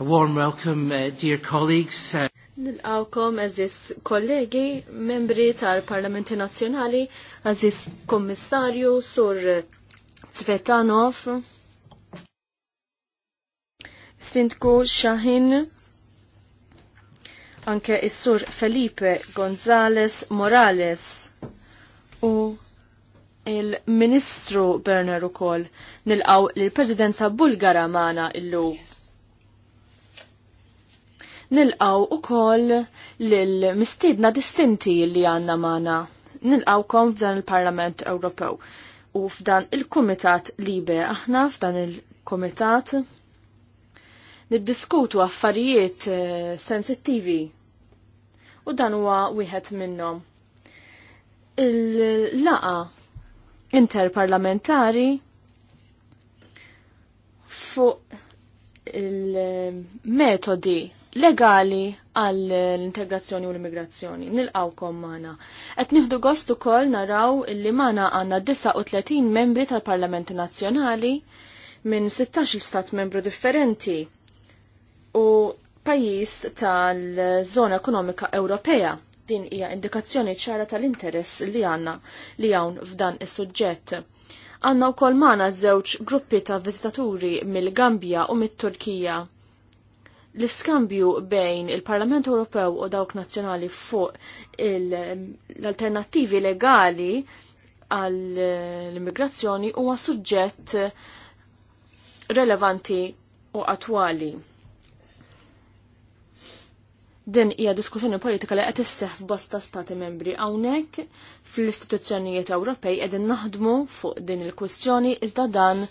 A warm welcome, uh, dear colleagues. Uh... Nilqawkom eżis kollegi, membri tal-Parlamenti Nazzjonali, eżis kommissarju, sur Tvetanov, Sintku Shahin, anke is-sur Felipe Gonzales Morales u il-Ministru Berner ukoll nilqaw lill presidenza Bulgara magħna illum. Yes nilqaw ukoll l mistiedna distinti li għandna magħna. Nilqawkom f'dan il-Parlament Ewropew u f'dan il-Kumitat Libe aħna f'dan il-Kumitat niddiskutu affarijiet eh, sensittivi u dan huwa wieħed minnhom. Il-laqa interparlamentari fuq il-metodi legali għall-integrazzjoni u l-immigrazzjoni. Nilqawkom mana. Et nieħdu gost ukoll naraw li mana għandna 39 membri tal-Parlamenti Nazzjonali minn 16 stat membru differenti u pajjiż tal-Zona Ekonomika Ewropea din hija indikazzjoni ċara tal-interess li għanna li hawn f'dan is-suġġett. Għanna u kol maħna zewċ gruppi ta' vizitaturi mill gambia u mit-Turkija L-iskambju bejn il-Parlament Ewropew u dawk nazzjonali fuq l-alternattivi legali għall-immigrazzjoni huwa suġġett relevanti u attwali. Din hija diskussjoni politika li qed isseħħ f'bosta stati membri hawnhekk fl-istituzzjonijiet Ewropej qegħdin naħdmu fuq din il-kwistjoni iżda dan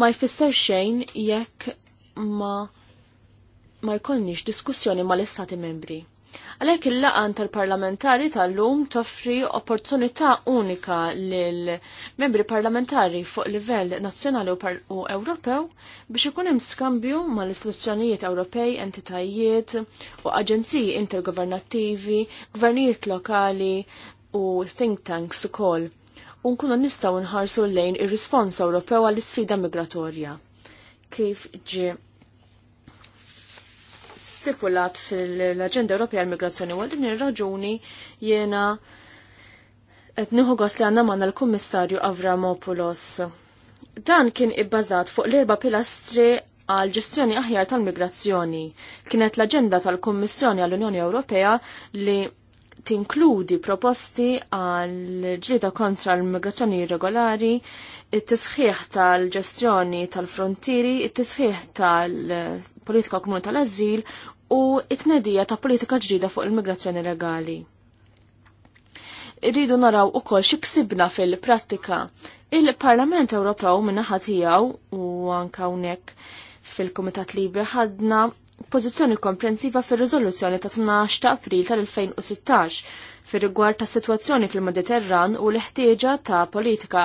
ma jfisser xejn jekk ma ma jkollniex diskussjoni mal-Istati membri. Għalhekk il-laqan tal-parlamentari tal-lum toffri opportunità unika lil membri parlamentari fuq livell nazzjonali u Ewropew biex ikun hemm skambju mal-istituzzjonijiet Ewropej, entitajiet u aġenziji intergovernattivi, gvernijiet lokali u think tanks ukoll nkunu nistgħu nħarsu lejn ir-rispons Ewropew għall-isfida migratorja. Kif ġie stipulat fil-Aġenda Ewropea għal-Migrazzjoni għal din ir-raġuni jiena qed nieħu gost li għandna manna l-Kummissarju Avramopoulos. Dan kien ibbażat fuq l-erba' pilastri għal ġestjoni aħjar tal-migrazzjoni. Kienet l-aġenda tal-Kummissjoni għall-Unjoni Ewropea li tinkludi proposti għal ġrida kontra l-migrazzjoni irregolari, it-tisħiħ tal-ġestjoni tal-frontieri, it-tisħiħ tal-politika komuni tal-azil u it-tnedija ta' politika ġdida fuq il-migrazzjoni legali. Irridu naraw ukoll xi ksibna fil-prattika. Il-Parlament Ewropew min-naħa tiegħu u anke hawnhekk fil-Kumitat Libri ħadna pożizzjoni komprensiva fir-riżoluzzjoni ta' 12 ta' April tal-2016 fir-rigward ta' sitwazzjoni fil-Mediterran u l-ħtieġa ta' politika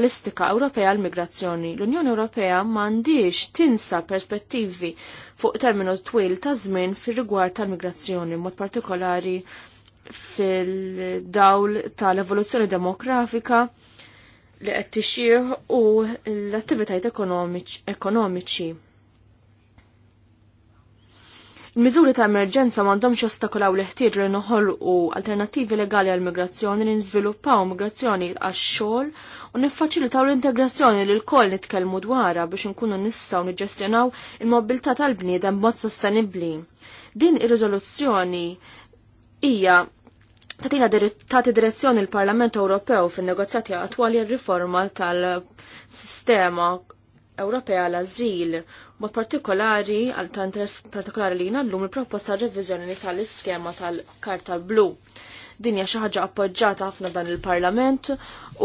olistika Ewropea l-migrazzjoni. L-Unjoni Ewropea m'għandix tinsa perspettivi fuq terminu twil ta' żmien fir-rigward tal-migrazzjoni, mod partikolari fil-dawl tal-evoluzzjoni demografika li qed tixjih u l-attivitajiet ekonomiċi Miżuri ta' emerġenza m'għandhomx jostakolaw l-ħtieġ li noħolqu alternattivi legali għal migrazzjoni li nżviluppaw migrazzjoni għax-xogħol u niffaċilitaw l-integrazzjoni li l-koll nitkellmu dwarha biex nkunu nistgħu niġġestjonaw il-mobilità tal-bniedem b'mod sostenibbli. Din ir-riżoluzzjoni hija tatina tagħti direzzjoni l-Parlament Ewropew fin-negozjati attwali r-riforma tal-sistema Ewropea għal azil mod partikolari għal ta' interess partikolari li jnallum il-proposta revizjoni tal-iskema tal-Karta Blu. Din hija xi ħaġa appoġġjata ħafna dan il-Parlament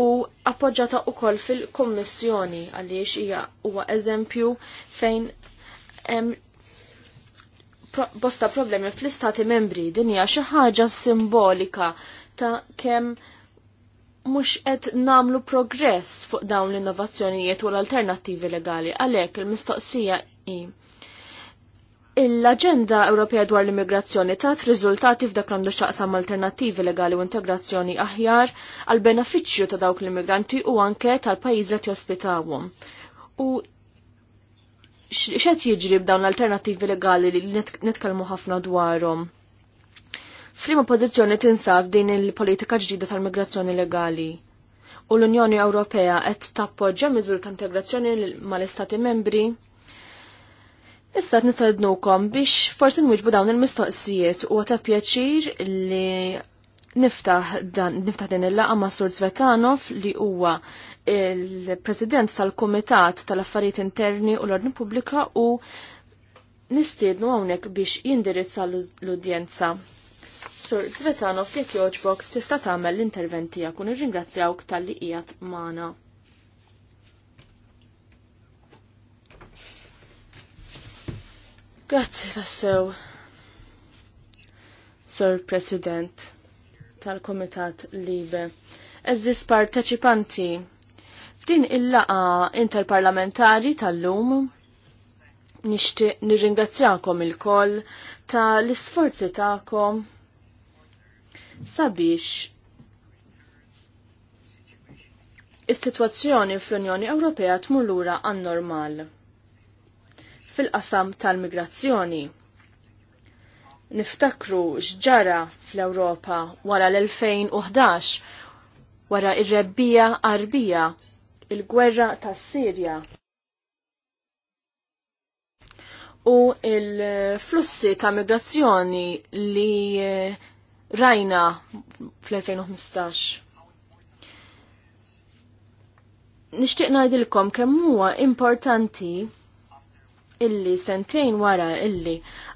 u appoġġjata wkoll fil-Kummissjoni għaliex hija huwa eżempju fejn hemm pro bosta problemi fl-istati membri din hija xi ħaġa simbolika ta' kemm mux qed namlu progress fuq dawn l-innovazzjonijiet u l-alternattivi legali. Għalek il-mistoqsija i. L-Aġenda Ewropea dwar l-immigrazzjoni tat riżultati f'dak l-għandu xaqsam alternattivi legali u integrazzjoni aħjar għal benefiċċju ta' dawk l-immigranti u anke tal-pajjiż li jospitawhom. U x'qed jiġri b'dawn l-alternattivi legali li nitkellmu ħafna dwarhom? Flima pozizjoni tinsab din il-politika ġdida tal-migrazzjoni legali u l-Unjoni Ewropea qed tappoġġa miżur ta' integrazzjoni mal-Istati membri. Istat qed nistednukom biex forsi nwieġbu dawn il-mistoqsijiet u ta' pjaċir li niftaħ dan niftaħ din il-laqa ma' Sur Zvetanov li huwa il-President tal-Kumitat tal-Affarijiet Interni u l-Ordni Pubblika u nistiednu hawnhekk biex jindirizza l-udjenza. Sur Zvetanov, jek joġbok, tista' tagħmel l-intervent tiegħek u nirringrazzjawk tal-li qiegħed magħna. Grazzi tassew, Sur President tal-Komitat Libe. Eżis parteċipanti f'din il-laqa interparlamentari tal-lum nixtieq nirringrazzjakom il-koll tal-isforzi tagħkom sabiex is-sitwazzjoni fl-Unjoni Ewropea tmur lura għan-normal fil-qasam tal-migrazzjoni. Niftakru x'ġara fl-Ewropa wara l-2011 wara ir-rebbija qarbija il-gwerra tas-Sirja u il-flussi ta' migrazzjoni li rajna fl-2015. Nishtiq najdilkom kemm huwa importanti illi sentejn wara illi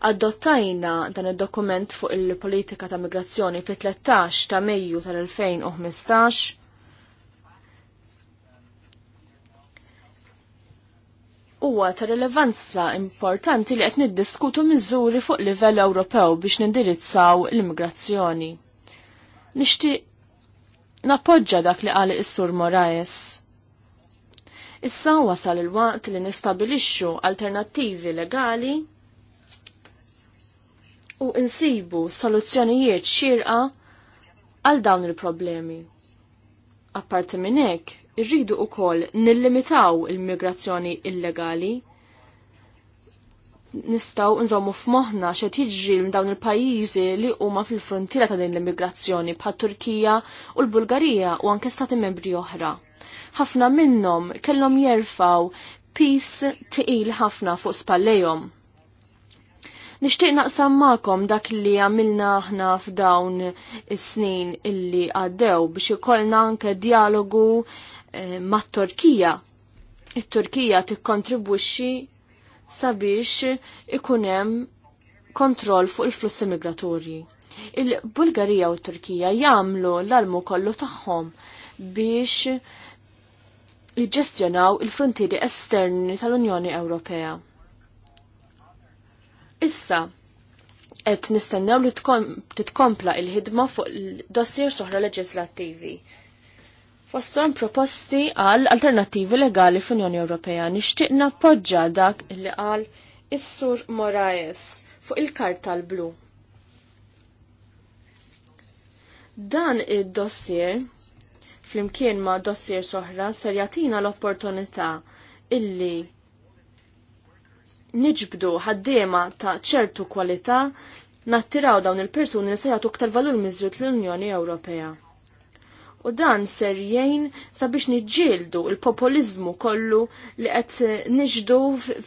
adottajna dan id-dokument fuq il-politika ta' migrazzjoni fit-13 ta' Mejju tal-2015 huwa ta' rilevanza importanti li qed niddiskutu miżuri fuq livell Ewropew biex nindirizzaw l-immigrazzjoni. Nixtieq nappoġġa dak li qal is-Sur Moraes. Issa wasal il-waqt li nistabilixxu alternattivi legali u insibu soluzzjonijiet xirqa għal dawn il-problemi. Apparti minn hekk, irridu wkoll nillimitaw il-migrazzjoni illegali. Nistgħu nżommu f'moħħna xe jiġri minn dawn il-pajjiżi li huma fil-frontiera ta' din l-immigrazzjoni bħat Turkija u l-Bulgarija u anke stati membri oħra. Ħafna minnhom kellhom jerfaw pis tiqil ħafna fuq spallejhom. Nixtieq naqsam dak li għamilna aħna f'dawn is-snin illi għaddew biex ikollna anke dialogu Eh, mat-Turkija. It-Turkija tikkontribwixxi sabiex ikun hemm kontroll fuq il-flussi migratorji. Il-Bulgarija u t-Turkija jagħmlu l-almu kollu tagħhom biex jiġġestjonaw il-frontieri esterni tal-Unjoni Ewropea. Issa, qed nistennew li titkompla il-ħidma fuq dossier soħra leġislattivi. Fostom proposti għal alternativi legali fl-Unjoni Ewropea nixtieq poġġa dak li qal is-Sur Moraes fuq il-karta l-blu. Dan id-dossier flimkien ma' dossier soħra ser jagħtina l-opportunità illi niġbdu ħaddiema ta' ċertu kwalità nattiraw dawn il-persuni li se jagħtu aktar valur miżjud l-Unjoni Ewropea u dan ser jgħin sabiex niġġieldu il-populizmu kollu li qed niġdu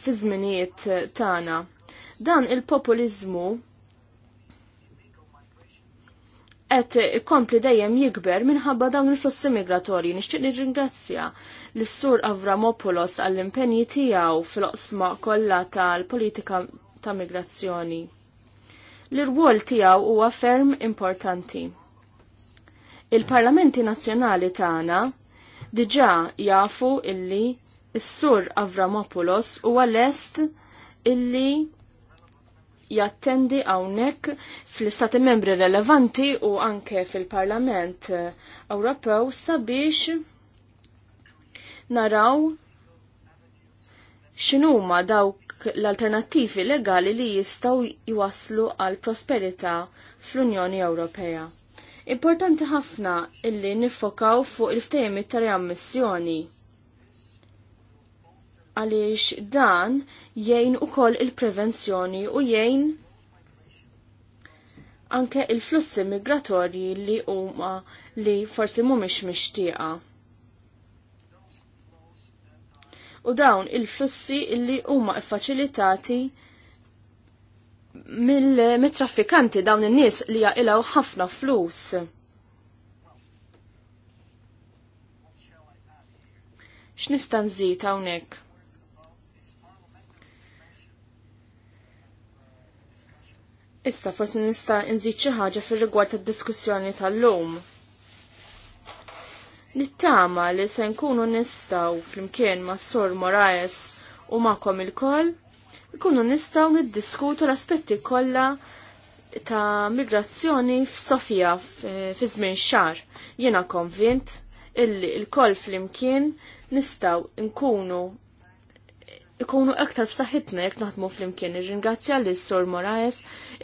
fi żminijiet tagħna. Dan il-populizmu qed ikompli dejjem jikber minħabba dawn il-flussi migratorji. Nixtieq nirringrazzja lis-Sur Avramopoulos għall-impenji tiegħu fil-oqsma kollha tal-politika ta' migrazzjoni. L-irwol tiegħu huwa ferm importanti Il-parlamenti nazzjonali tagħna diġà jafu illi s-sur Avramopoulos huwa lest illi jattendi għawnek fl-istati membri relevanti u anke fil-Parlament Ewropew sabiex naraw x'inhuma dawk l-alternattivi legali li jistgħu jwaslu għal prosperità fl-Unjoni Ewropea. Importanti ħafna illi nifokaw fuq il-ftehim ta' riammissjoni għaliex dan jgħin ukoll il-prevenzjoni u jgħin anke il-flussi migratorji li huma li forsi mhumiex mixtieqa. U dawn il-flussi li huma iffaċilitati mill-traffikanti dawn in-nies li jaqilaw ħafna flus. X'nista' nżid hawnhekk? Issa forsi nista' nżid xi ħaġa fir-rigward tad-diskussjoni tal-lum. Nittama li se nkunu nistgħu flimkien mas Sor Moraes u magħkom il-koll ikunu nistaw niddiskutu l-aspetti kollha ta' migrazzjoni f'Sofija fi żmien xar. Jiena konvint illi l-koll flimkien nistaw nkunu ikunu aktar f'saħħitna jekk naħdmu flimkien. Irringrazzja l sur Moraes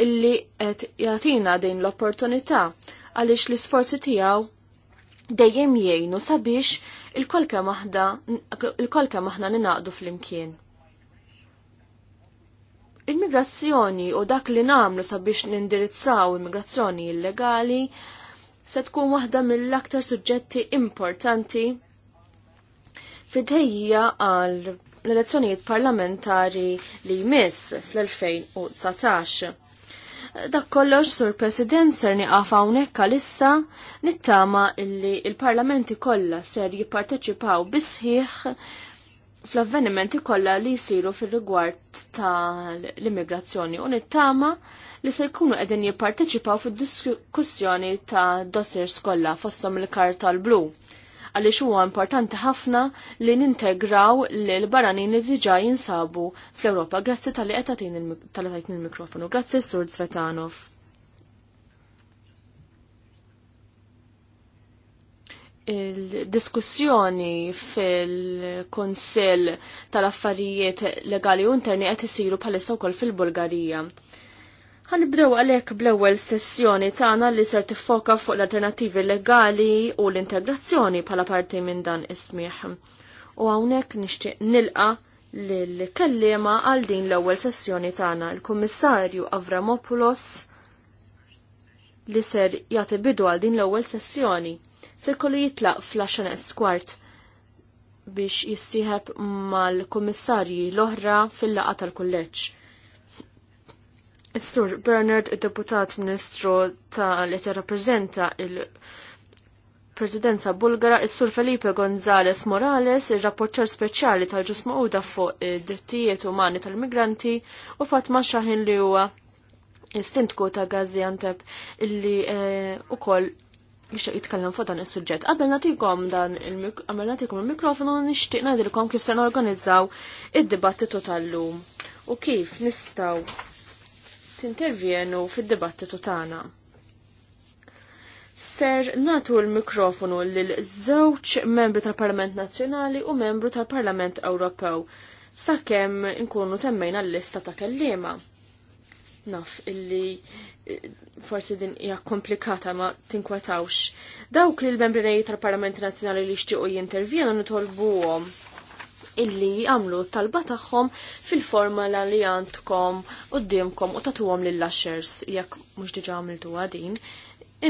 illi qed jagħtina din l-opportunità għaliex l-isforzi tiegħu dejjem jgħinu sabiex il-kolka maħda il-kolka maħna ninaqdu flimkien. Il-migrazzjoni u dak li namlu sabiex nindirizzaw immigrazzjoni illegali se tkun waħda mill-aktar suġġetti importanti fidejja għal l-elezzjonijiet parlamentari li jmiss fl-2019. Dak kollox sur President ser niqaf hawnhekk għalissa nittama illi il-parlamenti kollha ser jipparteċipaw bisħiħ fl-avvenimenti kollha li jsiru fir-rigward tal-immigrazzjoni u nittama li se jkunu qegħdin jipparteċipaw fid-diskussjoni ta' dossiers kollha fosthom il-karta l-blu għaliex huwa importanti ħafna li nintegraw li l-baranin li diġà jinsabu fl-Ewropa. Grazzi tal-li qed tagħtini il-mikrofonu. Grazzi Sur Zvetanov. il-diskussjoni fil-Konsil tal-Affarijiet Legali Interni qed isiru bħalissa wkoll fil-Bulgarija. Ħanibdew għalhekk bl-ewwel sessjoni tagħna li ser tiffoka fuq l-alternattivi legali u l-integrazzjoni bħala parti minn dan ismiħ. U hawnhekk nixtieq nilqa' l-kellima għal din l-ewwel sessjoni tagħna il-Kummissarju Avramopoulos li ser jagħti bidu għal din l-ewwel sessjoni. Sirkollu jitlaq fl-10 kwart biex jistieħeb mal-kummissarji l-oħra fil-laqa tal-kulleġġ. Is-Sur Bernard, id-deputat ministru ta' li rappreżenta il-Presidenza Bulgara, is-Sur Felipe Gonzales Morales, il-rapporter speċjali tal-ġus mauda fuq id-drittijiet umani tal-migranti, u Fatma Xaħin li huwa istintku ta' Gaziantep illi eh, u koll jixtieq jitkellem fuq dan is-suġġett. Qabel nagħtikom dan qabel nagħtikom il-mikrofonu nixtieq ngħidilkom kif se norganizzaw id-dibattitu tal-lum u kif nistgħu tintervjenu fid-dibattitu tagħna. Ser natu l-mikrofonu lil żewġ membri tal-Parlament Nazzjonali u membru tal-Parlament Ewropew sakemm inkunu temmejna l-lista ta' kellima. Naf illi forsi din hija komplikata ma tinkwetawx. Dawk li l-membri tal-Parlament Nazzjonali li xtiequ jintervjenu nitolbuhom illi jagħmlu talba tagħhom fil-formula li għandkom qudiemkom u tatuhom lil lashers jekk mhux diġà għamiltuha din,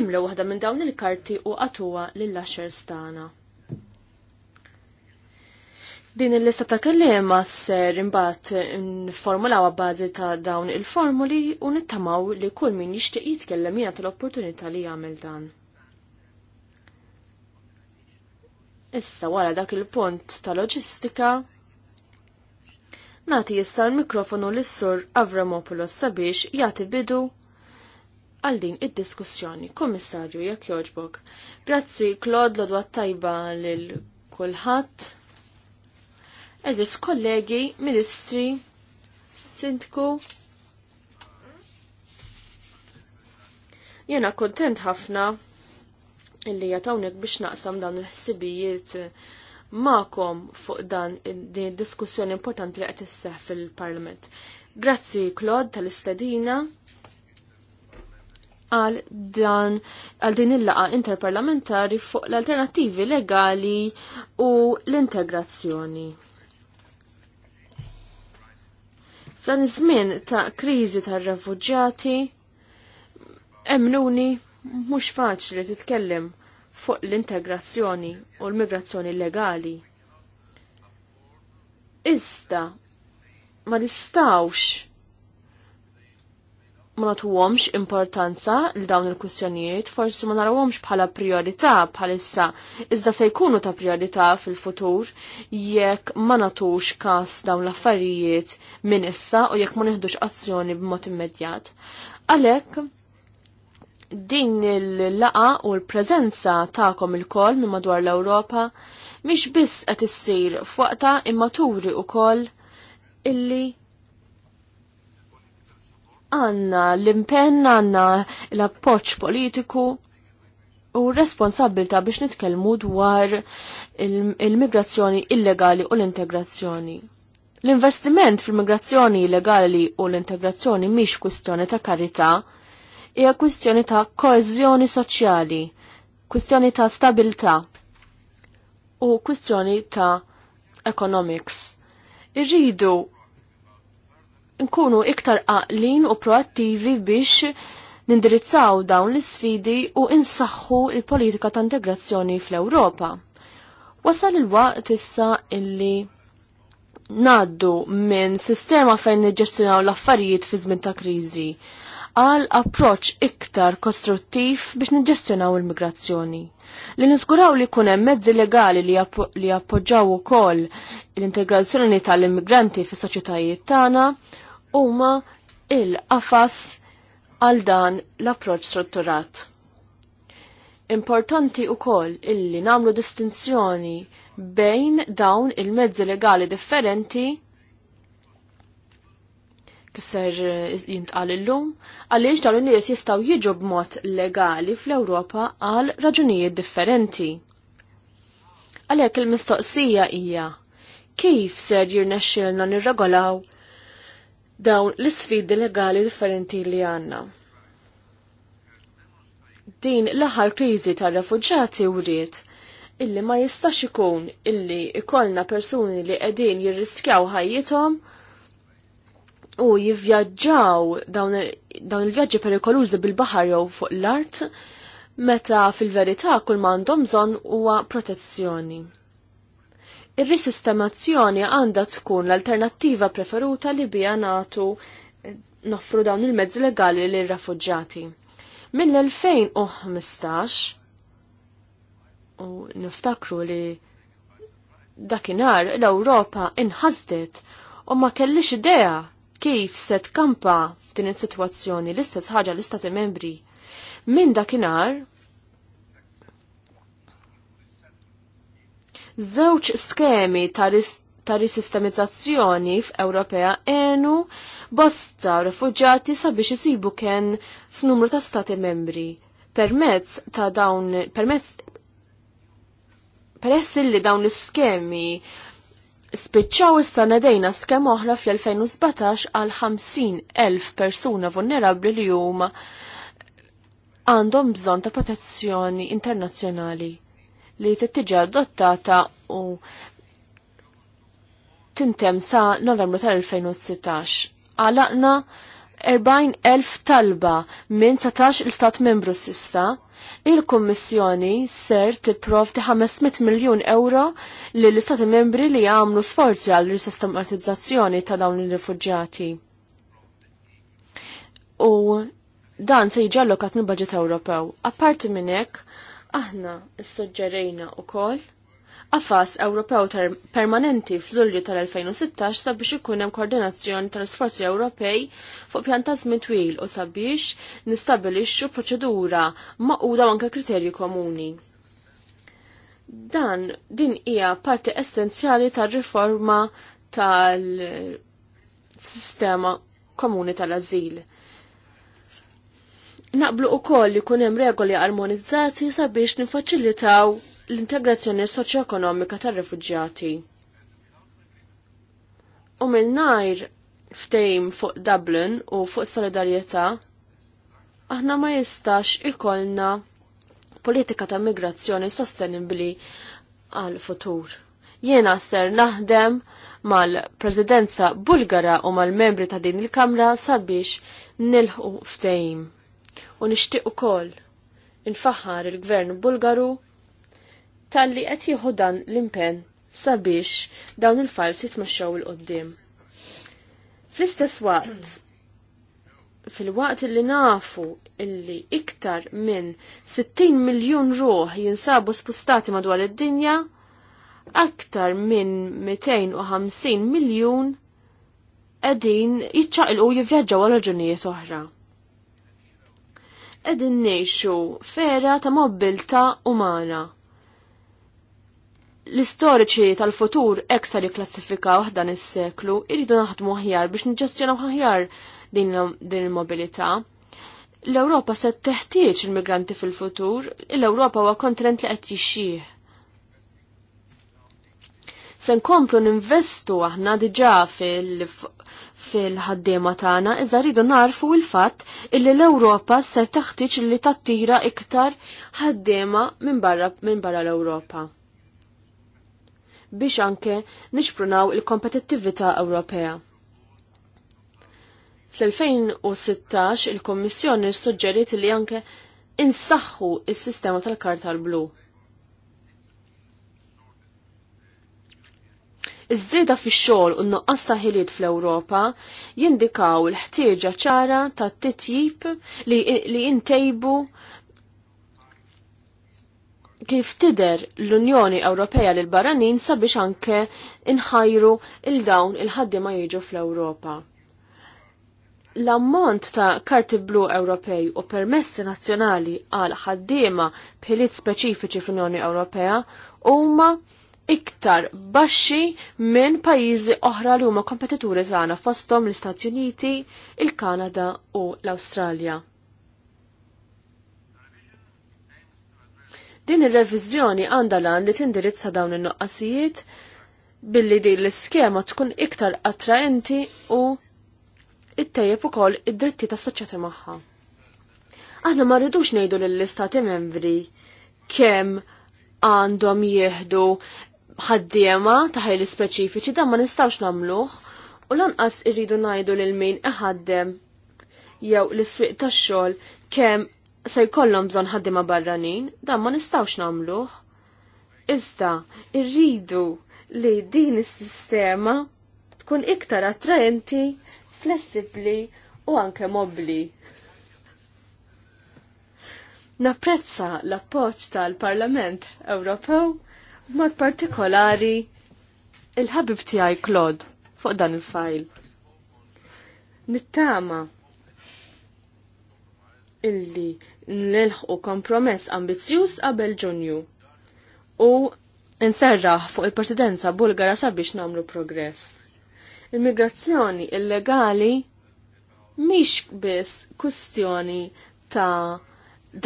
imlu waħda minn dawn il-karti u qatuha lil lashers tagħna. Din il-lista ta' kellima ser imbagħad nformulaw bażi ta' dawn il-formuli u nittamaw li kull min jixtieq jitkellem jiena tal-opportunità li jagħmel dan. Issa wara dak il-punt ta' loġistika nagħti jista' l-mikrofonu lis sur Avramopoulos sabiex jagħti bidu għal din id-diskussjoni. Kommissarju, jekk jogħġbok. Grazzi Klod l-odwa tajba lil kulħadd eżis kollegi, ministri, sindku. Jena kontent ħafna illi jatawnek biex naqsam dan il-ħsibijiet ma'kom fuq dan din diskussjoni importanti li qed isseħ fil-Parlament. Grazzi Claude tal-istedina għal dan għal din il-laqa interparlamentari fuq l-alternativi legali u l-integrazzjoni. Dan iż-żmien ta' kriżi tar-refuġġjati emnuni mhux faċli titkellem fuq l-integrazzjoni u l-migrazzjoni legali. Ista ma nistawx ma natuwomx importanza l dawn il kustjonijiet forsi ma narawomx bħala priorità bħalissa, iżda se jkunu ta' priorità fil-futur jekk ma natux kas dawn l-affarijiet minn issa u jekk ma neħdux azzjoni b'mod immedjat. Għalhekk din il-laqa u l-preżenza tagħkom il-koll minn madwar l-Ewropa mhix biss qed issir fuqta immaturi u wkoll illi għanna l-impenn għanna l-appoċ politiku u responsabilta biex nitkelmu dwar il-migrazzjoni illegali u l-integrazzjoni. L-investiment fil-migrazzjoni illegali u l-integrazzjoni miex kwistjoni ta' karità, hija kwistjoni ta' koezjoni soċjali, kwistjoni ta' stabilità u kwistjoni ta' economics. Irridu nkunu iktar aqlin u proattivi biex nindirizzaw dawn l-sfidi u insaħħu il-politika ta' integrazzjoni fl-Ewropa. Wasal il-waqt issa illi naddu minn sistema fejn niġġestinaw l-affarijiet fi żmien ta' kriżi għal approċ iktar kostruttiv biex niġġestjonaw il-migrazzjoni. Li niskuraw li kunem mezzi legali li, jappoġġaw li appoġġaw ukoll l-integrazzjoni tal-immigranti fis soċjetajiet tagħna huma il-qafas għal dan l-approċ strutturat. Importanti u koll illi namlu distinzjoni bejn dawn il-mezzi legali differenti kisser jintqal illum, għaliex dawn il nies jistgħu jiġu b'mod legali fl-Ewropa għal raġunijiet differenti. Għalhekk il-mistoqsija hija kif ser jirnexxilna nirregolaw dawn l-sfidi legali differenti li għanna. Din l-aħħar kriżi tar-refuġġati wriet illi ma jistax ikun illi ikollna persuni li qegħdin jirriskjaw ħajjithom u jivvjaġġaw dawn, il-vjaġġi perikolużi bil-baħar jew fuq l-art meta fil-verità kull għandhom bżonn huwa protezzjoni. Ir-risistemazzjoni għandha tkun l-alternattiva preferuta li bija natu noffru dawn il-mezz legali lil rafuġġati. Mill-2015 u niftakru li dakinar l-Ewropa inħasdet u ma kellix idea kif se tkampa f'din is-sitwazzjoni l-istess ħaġa l-istati membri. Min dakinar Żewġ skemi ta' risistemizzazzjoni f'Ewropea enu bosta refuġati sabiex isibu kien f'numru ta' stati membri. Permezz ta' dawn, permezz peress li dawn l-iskemi spiċċaw issa nedejna skem oħra fl-2017 għal 50,000 persuna vulnerabli li huma għandhom bżonn ta' protezzjoni internazzjonali li tittiġi adottata u tintem sa novembru tal-2016. Għalaqna 40.000 talba minn 17 il-stat membru sissa. Il-Kommissjoni ser tipprovdi 500 miljun euro li l-Istati membri li għamlu sforzi għal lis-sistematizzazzjoni ta' dawn il-rifugġati. U dan se jiġi allokat mill-Baġit Ewropew. Apparti minn hekk, Aħna u wkoll għafas Ewropew permanenti fl-Ulju tal-2016 sabiex ikun hemm koordinazzjoni tal-isforzi Ewropej fuq pjan ta' żmien twil u sabiex nistabilixxu proċedura maquda anke kriterji komuni. Dan din hija parti essenzjali tar-riforma tal-sistema komuni tal-azil naqblu u koll li kunem regoli armonizzati sabiex nifaċilitaw l-integrazzjoni soċjoekonomika tar-refuġjati. U mill-najr ftejm fuq Dublin u fuq solidarjetà, aħna ma jistax ikollna politika ta' migrazzjoni sostenibli għal futur. Jiena ser naħdem mal-Presidenza Bulgara u mal-membri ta' din il-Kamra sabiex nilħu ftejm u nixtieq ukoll infaħħar il-Gvern Bulgaru talli qed jieħu dan l-impenn sabiex dawn il fals jitmexxew il qoddim Fl-istess waqt, fil-waqt li nafu illi iktar minn 60 miljun ruħ jinsabu spostati madwar id-dinja, aktar minn 250 miljun qegħdin jitċaqilqu jivvjaġġaw għal raġunijiet oħra edin nejxu fera ta' mobilta umana. L-istoriċi tal-futur eksa li klassifika waħdan is-seklu irridu naħdmu aħjar biex niġġestjonaw aħjar din il-mobilità. L-Ewropa se teħtieġ il-migranti fil-futur, l-Ewropa huwa kontinent li qed jixxih. Se nkomplu ninvestu aħna diġà fil fil-ħaddiema tagħna, iżda rridu narfu l-fatt illi l-Ewropa ser taħtieġ li tattira iktar ħaddiema minn barra minn barra l-Ewropa. Biex anke nixprunaw il-kompetittività Ewropea. Fl-2016 il-Kommissjoni suġġeriet li anke insaħħu is-sistema tal-karta l-blu. Iż-żieda fix-xogħol u n-nuqqas ta' ħiliet fl-Ewropa jindikaw l-ħtieġa ċara ta' titjib li, li intejbu kif tider l-Unjoni Ewropea lil baranin sabiex anke inħajru il dawn il-ħaddiema jiġu fl-Ewropa. L-ammont ta' karti blu Ewropej u permessi nazzjonali għal ħaddiema bħiliet speċifiċi fl-Unjoni Ewropea huma iktar baxxi minn pajjiżi oħra li huma kompetituri tagħna fosthom l-Istati Uniti, il-Kanada u l-Awstralja. Din ir-reviżjoni għandha lan li tindirizza dawn in-nuqqasijiet billi din l-iskema tkun iktar attraenti u ttejjeb ukoll id-dritti tas soċjetà magħha. Aħna ma rridux ngħidu lill-istati membri kemm għandhom jieħdu ħaddiema ta' ħajli speċifiċi dan ma nistawx nagħmluh u lanqas irridu ngħidu lil min iħaddem jew l-iswiq tax-xogħol kemm se jkollhom bżonn ħaddiema barranin, dan ma nistawx nagħmluh. Iżda irridu li din is-sistema tkun iktar attraenti, flessibbli u anke mobbli. Napprezza l-appoġġ tal-Parlament Ewropew Mod partikolari il-ħabib tiegħi Claude fuq dan il-fajl. Nittama illi nilħu kompromess ambizzjuż qabel ġunju u nserraħ fuq il-presidenza bulgara sabiex namlu progress. Il-migrazzjoni illegali mhix biss kustjoni ta'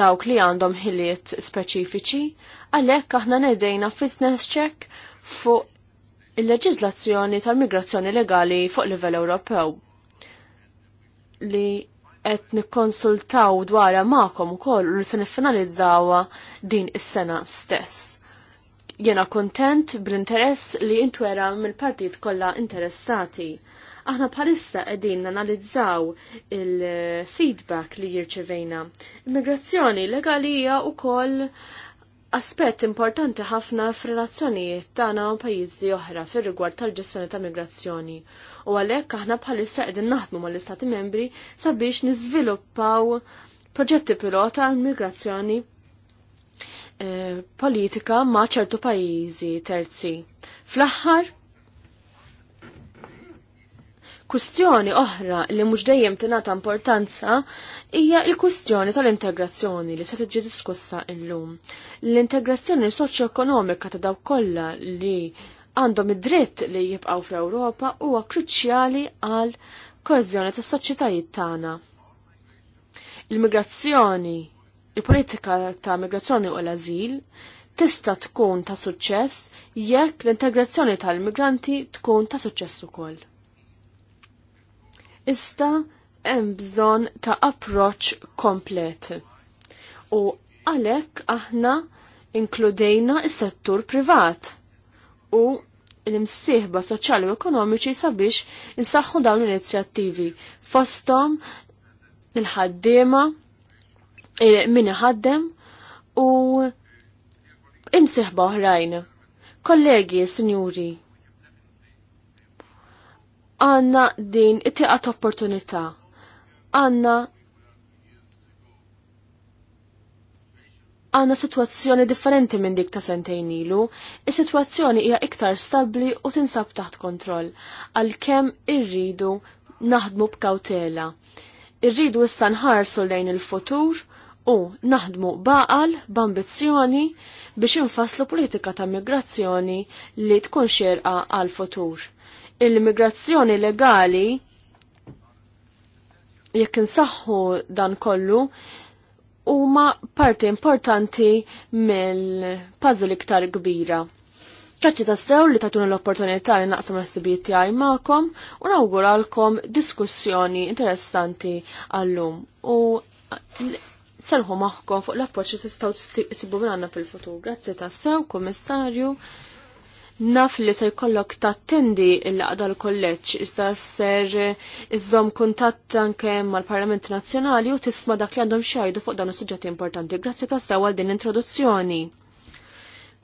dawk li għandhom ħiliet speċifiċi, Għalhekk aħna nedejna fitness check fuq il-leġiżlazzjoni tal-migrazzjoni legali fuq livell Ewropew li qed nikkonsultaw dwarha magħkom ukoll u se niffinalizzawha din is-sena stess. Jena kontent bl-interess li intwera mill-partit kollha interessati aħna bħalissa qegħdin nanalizzaw il-feedback li jirċevejna. Immigrazzjoni legalija u koll aspett importanti ħafna f'relazzjonijiet tagħna u pajjiżi oħra fir-rigward tal-ġestjoni ta' migrazzjoni u għalhekk aħna bħalissa qegħdin naħdmu mal-Istati Membri sabiex niżviluppaw proġetti pilota għal migrazzjoni eh, politika ma' ċertu pajjiżi terzi. Fl-aħħar Kustjoni oħra li mhux dejjem tingħata importanza hija l-kustjoni tal-integrazzjoni li se tiġi diskussa llum. L-integrazzjoni soċjo-ekonomika ta' dawk kollha li għandhom id-dritt li jibqgħu fl-Ewropa huwa kruċjali għal koeżjoni tas-soċjetajiet tagħna. Il-migrazzjoni, il-politika ta' migrazzjoni u l-azil tista' tkun ta' suċċess jekk l-integrazzjoni tal-migranti tkun ta' suċċess ukoll. Ista hemm bżonn ta' approċċ komplet. U għalhekk aħna inkludejna s-settur privat u l-imsieħba soċjali u ekonomiċi sabiex insaħħu dawn l-inizjattivi fosthom il-ħaddiema min ħaddem u imsieħba oħrajn. Kollegi, sinjuri, għanna din it-tiqat opportunità. Għanna għanna situazzjoni differenti minn dik ta' sentejn ilu, is-situazzjoni hija iktar stabli u tinsab taħt kontroll, għalkemm irridu naħdmu b'kawtela. Irridu issa nħarsu lejn il-futur u naħdmu baqal b'ambizzjoni biex infasslu politika ta' migrazzjoni li tkun xerqa għal-futur il immigrazzjoni legali jekk insaħħu dan kollu huma parti importanti mill-puzzle iktar kbira. Kaċċi ta' sew li tatuna l-opportunità li naqsam l-ħsibijiet tiegħi magħkom u nawguralkom diskussjoni interessanti għallum u selħu magħkom fuq l-appoġġ li tistgħu tissibu minn fil-futur. Grazzi ta' sew, Kummissarju. Naf li se jkollok tattendi il-laqda l-kolleġġ, iżda ser iżżomm kuntatt anke mal-Parlament Nazzjonali u tisma' dak li għandhom xajdu fuq dan is-suġġetti importanti. Grazzi tassew għal din introduzzjoni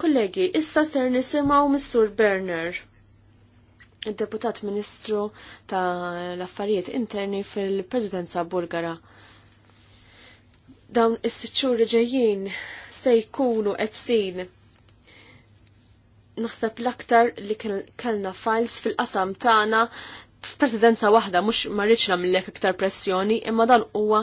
Kollegi, issa ser nisimgħu Mr. Berner il-deputat ministru ta' l-affarijiet interni fil-Presidenza Bulgara. Dawn is-sitxur ġejjin se jkunu ebsin naħseb l-aktar li kellna files fil-qasam tagħna f'presidenza waħda mhux ma rridx nagħmilek iktar pressjoni, imma dan huwa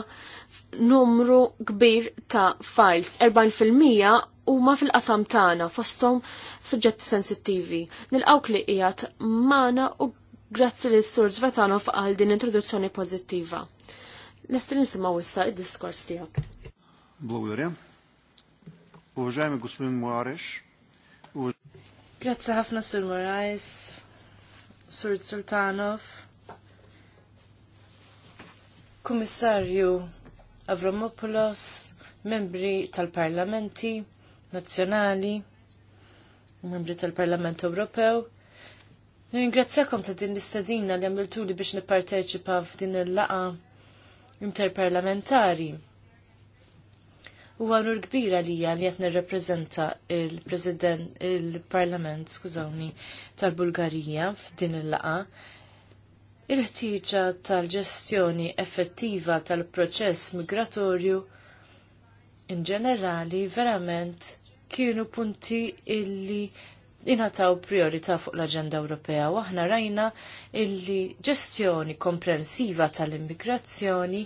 numru kbir ta' files, 40% huma fil-qasam tagħna fosthom suġġetti sensittivi. Nilqawk li qiegħed magħna u grazzi lis sur Zvetanov għal din introduzzjoni pożittiva. Lesti nisimgħu issa id-diskors tiegħek. Благодаря. Уважаемый господин Муареш, Grazzi ħafna Sur Morais, Sur Sultanov, Kummissarju Avramopoulos, membri tal-Parlamenti Nazzjonali, membri tal-Parlament Ewropew. Ringrazzjakom ta' din l-istadina li għamiltu li biex nipparteċipa f'din il-laqa interparlamentari. U għanur kbira li li għet nirreprezenta il-President, il-Parlament, skużawni, tal-Bulgarija f'din il-laqa. Il-ħtieġa tal-ġestjoni effettiva tal-proċess migratorju in ġenerali verament kienu punti illi inataw priorità fuq l-Aġenda Ewropea Waħna aħna rajna illi ġestjoni komprensiva tal-immigrazzjoni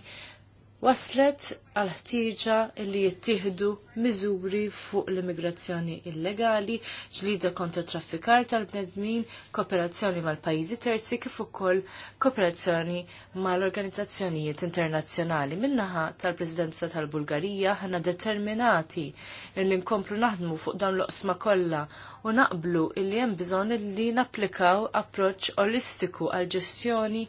waslet għal ħtieġa li jittieħdu miżuri fuq l-immigrazzjoni illegali, ġlida kontra traffikar tal-bnedmin, kooperazzjoni mal-pajjiżi terzi kif ukoll kooperazzjoni mal-organizzazzjonijiet internazzjonali. Minnaħa tal-Presidenza tal-Bulgarija ħana determinati li nkomplu naħdmu fuq dawn l-oqsma kollha u naqblu illi hemm bżonn li napplikaw approċċ olistiku għal ġestjoni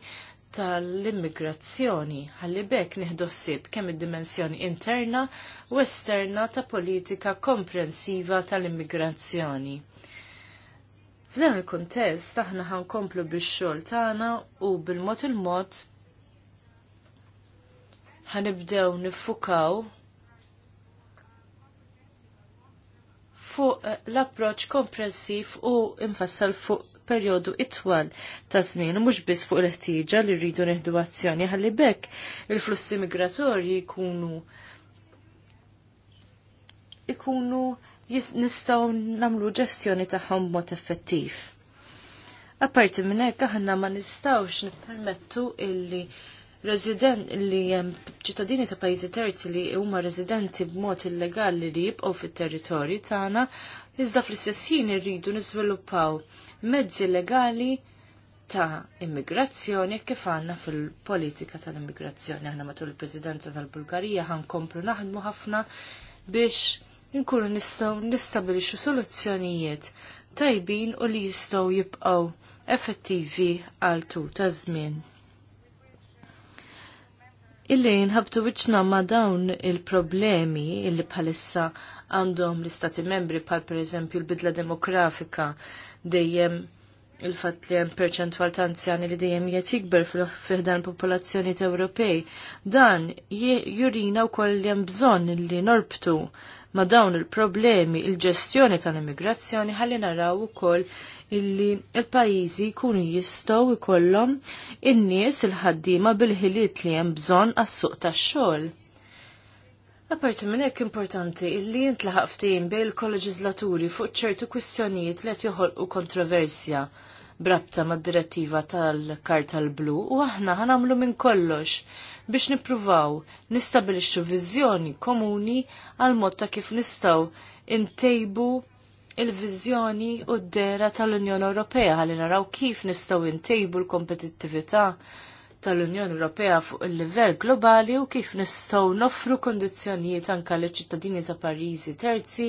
tal-immigrazzjoni ħalli bekk niħdossib kemm id-dimensjoni interna u esterna ta' politika komprensiva tal-immigrazzjoni. F'dan il-kuntest aħna ħankomplu bix-xogħol tagħna u bil-mod il-mod ħanibdew niffukaw fuq l-approċ komprensiv u infassal fuq perjodu itwal ta' żmien u mhux biss fuq il-ħtieġa li rridu neħdu azzjoni ħalli bekk il-flussi migratorji jkunu ikunu nistgħu nagħmlu ġestjoni tagħhom mod effettiv. Apparti minn hekk aħna ma nistgħux nippermettu illi resident li jem ċittadini ta' pajjiżi terzi li huma residenti b'mod illegali li jibqgħu fit-territorju tagħna, iżda fl-istess ħin irridu niżviluppaw mezzi legali ta' immigrazzjoni kif għanna fil-politika tal-immigrazzjoni. Aħna matul il-Presidenza tal-Bulgarija komplu naħdmu ħafna biex nkunu nistgħu nistabilixxu soluzzjonijiet tajbin u li jistgħu jibqgħu effettivi għal tul ta' żmien illi nħabtu wiċna ma dawn il-problemi illi bħalissa għandhom l-istati membri bħal per l-bidla demografika, dejjem il-fatt li hemm perċentwal ta' anzjani li dejjem qed jikber fil fihdan popolazzjoni Ewropej. Dan jurina wkoll li hemm bżonn li norbtu ma' dawn il-problemi il-ġestjoni tal-immigrazzjoni ħalli naraw ukoll illi il-pajjiżi jkunu jistgħu jkollhom in-nies il-ħaddiema bil-ħiliet li hemm bżonn għas-suq tax-xogħol. Apparti minn hekk importanti illi jintlaħaq bej bejn il-kolleġislaturi fuq ċertu kwistjonijiet li qed joħolqu kontroversja brabta mad-direttiva tal-karta l-blu u aħna ħanamlu minn kollox biex nippruvaw nistabilixxu viżjoni komuni għal mod ta' kif nistgħu intejbu il-viżjoni u d-dera tal-Unjoni Ewropea ħalli naraw kif nistgħu intejbu l-kompetittività tal-Unjoni Ewropea fuq il-livell globali u kif nistgħu noffru kondizzjonijiet anke liċ ċittadini ta' pajjiżi terzi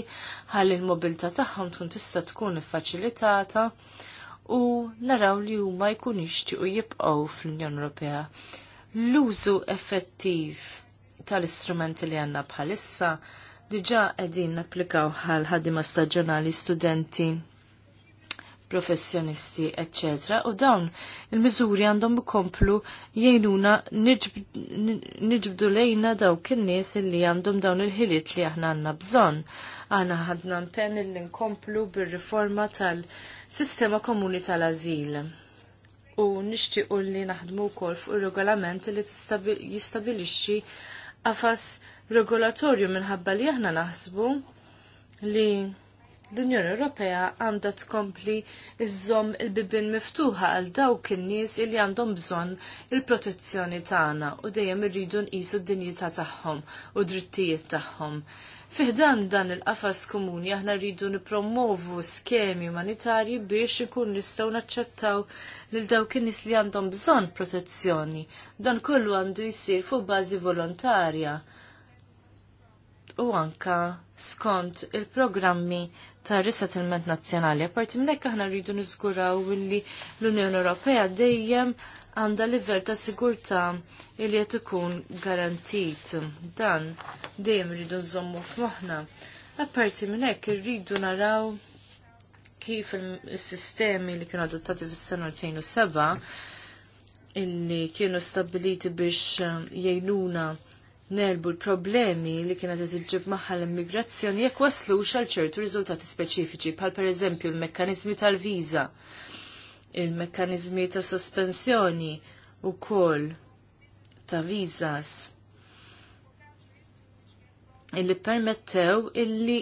ħalli l-mobilità tagħhom tkun tista' tkun iffaċilitata u naraw li huma jkunux jixtiequ jibqgħu fl-Unjoni Ewropea. L-użu effettiv tal-istrumenti li għandna bħalissa diġà qegħdin napplikaw bħal ħaddiema staġjonali studenti professjonisti, etc. U dawn il-miżuri għandhom ikomplu jgħinuna niġbdu lejna dawk in-nies li għandhom dawn il-ħiliet li aħna għandna bżonn. Aħna ħadna mpenn li nkomplu bir-riforma tal-sistema komuni tal-azil. U nixtiequ li naħdmu wkoll fuq ir-regolament li jistabilixxi għafas regolatorju minħabba li aħna naħsbu li L-Unjoni Ewropea għandha tkompli iżżomm il-bibin miftuħa għal dawk in-nies li għandhom bżonn il-protezzjoni tagħna u dejjem irridu nqisu d-dinjità tagħhom u drittijiet tagħhom. Fiħdan dan il-qafas komuni aħna rridu nipromovu skemi umanitarji biex ikun nistgħu naċċettaw lil dawk in-nies li għandhom bżonn protezzjoni. Dan kollu għandu jsir fuq bażi volontarja u anka skont il-programmi ta' resettlement nazzjonali. Apparti minnek aħna rridu nizguraw illi l-Unjoni Ewropea dejjem għandha livell ta' sigurtà li qed ikun garantit. Dan dejjem rridu nżommu f'moħħna. Apparti minn hekk irridu naraw kif il-sistemi li kienu adottati fis-sena 2007 illi kienu stabiliti biex jgħinuna nerbu l-problemi li kienet qed iġġib magħha l-immigrazzjoni jekk waslux għal ċertu riżultati speċifiċi bħal eżempju l-mekkaniżmi tal-viża, il-mekkaniżmi ta' sospensjoni kol ta' vizas illi permettew illi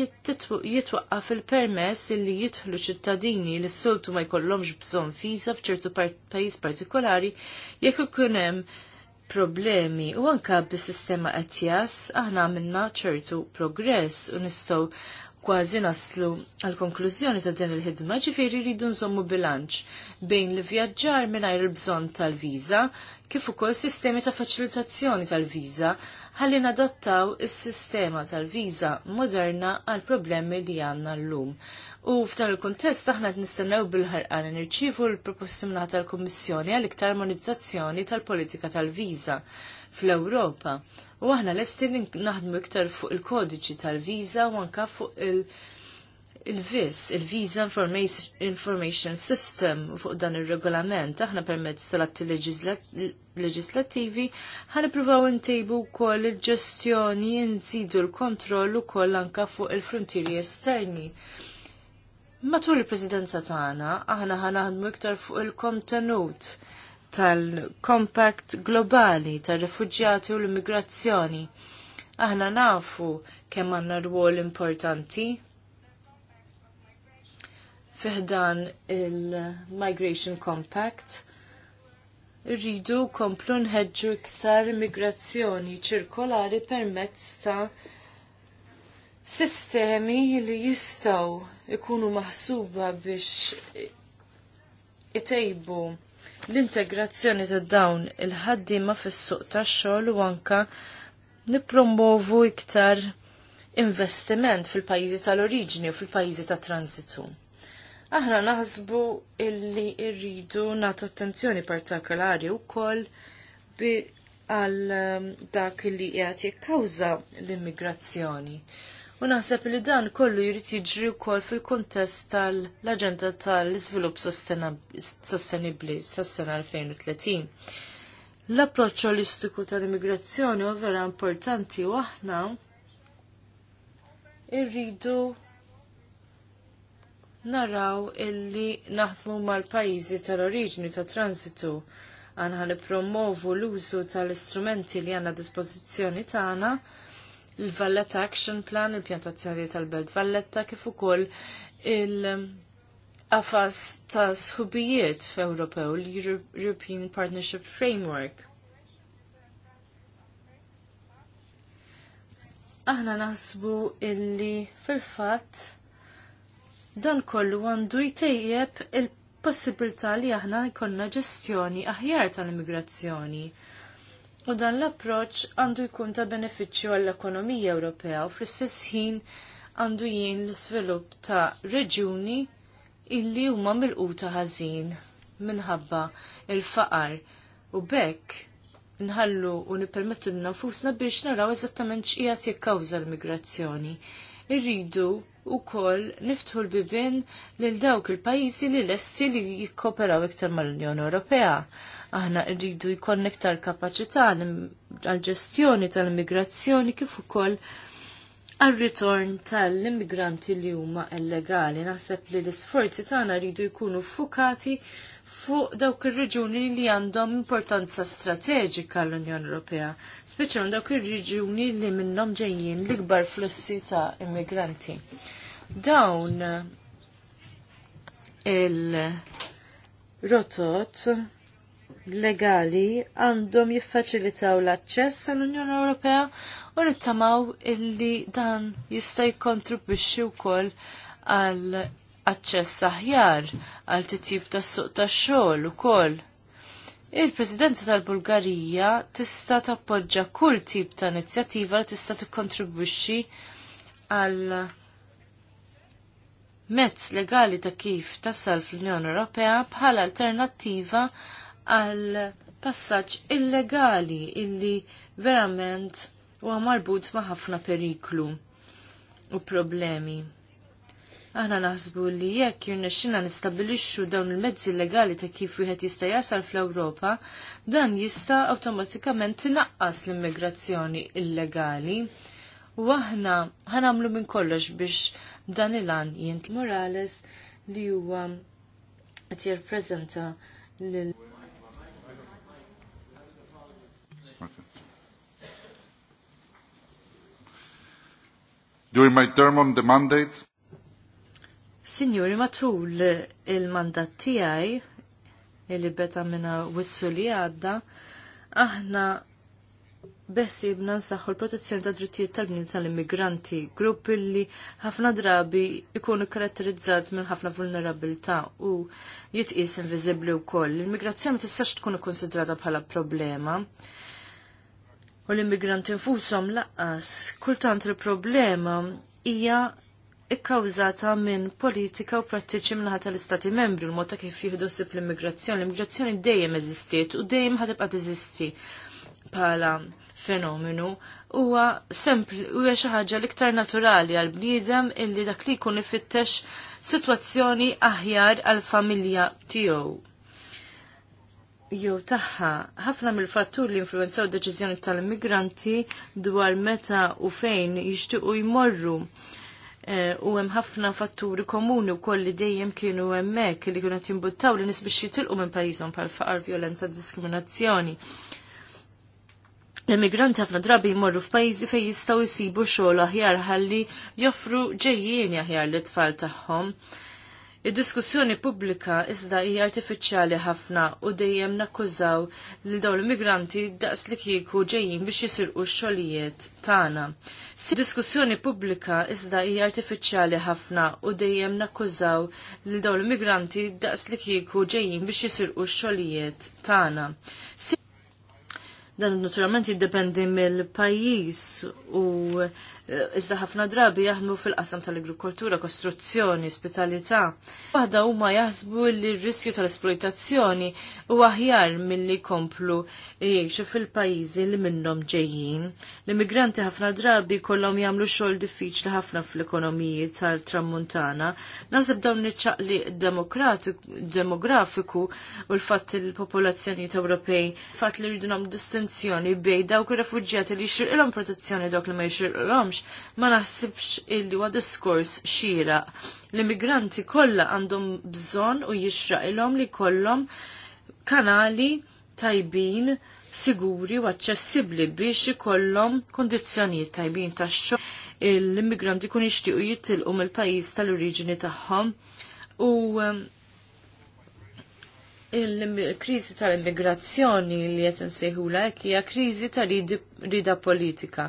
jitwaqqaf il-permess illi jidħlu ċittadini li s-soltu ma jkollhomx bżonn viża f'ċertu pajjiż partikolari jekk ikun hemm problemi u anka bis-sistema qed jas aħna għamilna ċertu progress u nistgħu kważi naslu għal konklużjoni ta' din il-ħidma ġifieri rridu nżommu bilanċ bejn l-vjaġġar mingħajr il-bżonn tal-viża kif ukoll sistemi ta' faċilitazzjoni tal-viża ħalli nadattaw is-sistema tal-viża moderna għal problemi li għandna llum. U f'dan il-kontest aħna qed nistennew bil-ħarqan nirċievu l-proposti mingħata tal-Kummissjoni għal iktar armonizzazzjoni tal-politika tal-viża fl-Ewropa. U aħna lesti li naħdmu iktar fuq il-kodiċi tal-viża u anke fuq il- vis il-Visa Information System, fuq dan il-regolament, aħna permezz tal-atti leġislattivi, ħan ipruvaw intejbu kol il-ġestjoni, nżidu l-kontroll u kol anka fuq il-frontieri esterni. Matul il-presidenza tagħna aħna ħanaħdmu iktar fuq il-kontenut tal-kompakt globali tar refuġjati u l-immigrazzjoni. Aħna nafu kemm għandna rwol importanti fiħdan il-Migration Compact rridu komplu nħedġu iktar immigrazzjoni ċirkolari permezz ta' sistemi li jistaw ikunu maħsuba biex itejbu l-integrazzjoni ta' dawn il-ħaddima fis-suq tax-xogħol u anka nippromovu iktar investiment fil-pajjiżi tal-oriġini u fil-pajjiżi ta' transitu. Aħna naħsbu illi rridu nagħtu attenzjoni partikolari wkoll bi għal um, dak li qiegħed jikkawża l-immigrazzjoni. U naħseb li dan kollu jrid jiġri wkoll fil-kuntest tal-Aġenda tal-Iżvilupp Sostenibbli sas-sena 2030. L-approċċ holistiku tal-immigrazzjoni huwa vera importanti u aħna irridu naraw illi naħdmu mal-pajjiżi tal-oriġini ta' transitu għanħa li promovu l-użu tal-istrumenti li għanna dispożizzjoni tagħna ta il-Valletta Action Plan, il-pjantazzjoni tal-Belt Valletta, kif ukoll il- afas ta' sħubijiet f'Ewropew, l-European Partnership Framework. Aħna naħsbu illi fil-fatt dan kollu għandu jtejjeb il-possibilità li aħna jkollna ġestjoni aħjar tal-immigrazzjoni. U dan l-approċ għandu jkun ta' beneficju għall-ekonomija Ewropea u fl-istess ħin għandu jien l-svilupp ta' reġjuni illi huma mill-quta ħażin minħabba il-faqar u bekk nħallu u nippermettu lil nfusna biex naraw eżattament x'qiegħed jikkawża l-migrazzjoni irridu u kol niftħu l-bibin lil dawk il-pajjiżi li l-essi li jikkoperaw iktar mal-Unjoni Ewropea. Aħna rridu jkollna iktar kapaċità għal-ġestjoni tal-immigrazzjoni kif ukoll għal-ritorn tal-immigranti li huma illegali. Naħseb li l-isforzi tagħna rridu jkunu fukati fuq dawk ir-reġuni li għandhom importanza strateġika l-Unjoni Ewropea, speċjalment dawk ir-reġuni li minnhom ġejjin l-ikbar flussi ta' immigranti. Dawn il-rotot legali għandhom jiffaċilitaw l-aċċess għall-Unjoni Ewropea u nittamaw illi dan jista' jikkontribwixxi wkoll għal aċċess aħjar għal titjib tas-suq ta' xogħol ukoll. Il-Presidenza tal-Bulgarija tista' tappoġġa kull tip ta' inizjattiva li tista' tikkontribwixxi għal mezz legali ta' kif tassal fl-Unjoni Ewropea bħala alternattiva għal passaġġ illegali illi verament huwa marbut ma' ħafna periklu u problemi. Aħna naħsbu li jekk jirnexxina nistabilixxu dawn il-mezzi legali ta' kif wieħed jista' jasal fl-Ewropa, dan jista' awtomatikament tinaqqas l-immigrazzjoni illegali. U aħna ħanamlu minn kollox biex dan il-an jint Morales li huwa qed jirpreżenta lil During my term on the mandate, Signori matul il-mandat tiegħi li beta minna wissu li għadda, aħna bessibna nsaħħu l-protezzjoni ta' drittijiet tal-bnin tal-immigranti, grupp li ħafna drabi ikunu karatterizzat minn ħafna vulnerabilità u jitqis u wkoll. L-immigrazzjoni ma tistax tkun konsidrata bħala problema. U l-immigranti nfushom laqqas, kultant il-problema hija ikkawżata minn politika u prattiċi minnaħa tal-Istati membri l ta' kif jieħdu sib l-immigrazzjoni. L-immigrazzjoni dejjem eżistiet u dejjem ħatibqa' teżisti bħala fenomenu huwa sempli u xi ħaġa l-iktar naturali għal bniedem illi dak li jkun ifittex sitwazzjoni aħjar għal familja tiegħu. Jew tagħha, ħafna mill-fattur li influenzaw deċiżjoni tal-immigranti dwar meta u fejn jixtiequ jmorru Eh, u hemm ħafna fatturi komuni wkoll li dejjem kienu hemmhekk li kienu qed jimbuttaw li nies biex jitilqu minn pajjiżhom bħal faqar, violenza, diskriminazzjoni. L-immigranti ħafna drabi jmorru f'pajjiżi fejn jistgħu jsibu xogħol aħjar ħalli joffru ġejjieni aħjar l tfal tagħhom. Id-diskussjoni pubblika iżda hija artifiċjali ħafna u dejjem nakkużaw li dawn l-immigranti daqs li kieku ġejjin biex jisirqu x-xogħlijiet tagħna. Si diskussjoni pubblika iżda hija artifiċjali ħafna u dejjem nakkużaw li dawn l-immigranti daqs li kieku ġejjin biex jisirqu x-xogħlijiet tagħna. Dan naturalment jiddependi mill-pajjiż u iżda ħafna drabi jaħdmu fil-qasam tal-agrikoltura, kostruzzjoni, spitalità. Waħda huma jaħsbu li r-riskju tal-esploitazzjoni huwa aħjar milli komplu jgħixu fil-pajjiżi li minnhom ġejjin. L-immigranti ħafna drabi kollhom jagħmlu xogħol diffiċli ħafna fl-ekonomiji tal-Tramuntana. Naħseb dawn iċ-ċaqli demografiku u l-fatt il-popolazzjoni Ewropej, fatt li rridu distinzjoni bejn dawk ir-refuġġjati li jxirqilhom protezzjoni dawk li ma jxirqilhomx ma naħsibx illi huwa diskors xira. L-immigranti kollha għandhom bżonn u jixraqilhom li kollom kanali tajbin siguri u aċċessibbli biex ikollhom kondizzjonijiet tajbin tax-xogħol. L-immigranti kun jixtiequ jitilqu mill-pajjiż tal-oriġini tagħhom u um, il-krizi tal-immigrazzjoni li qed insejħula hekk hija kriżi ta' rida politika.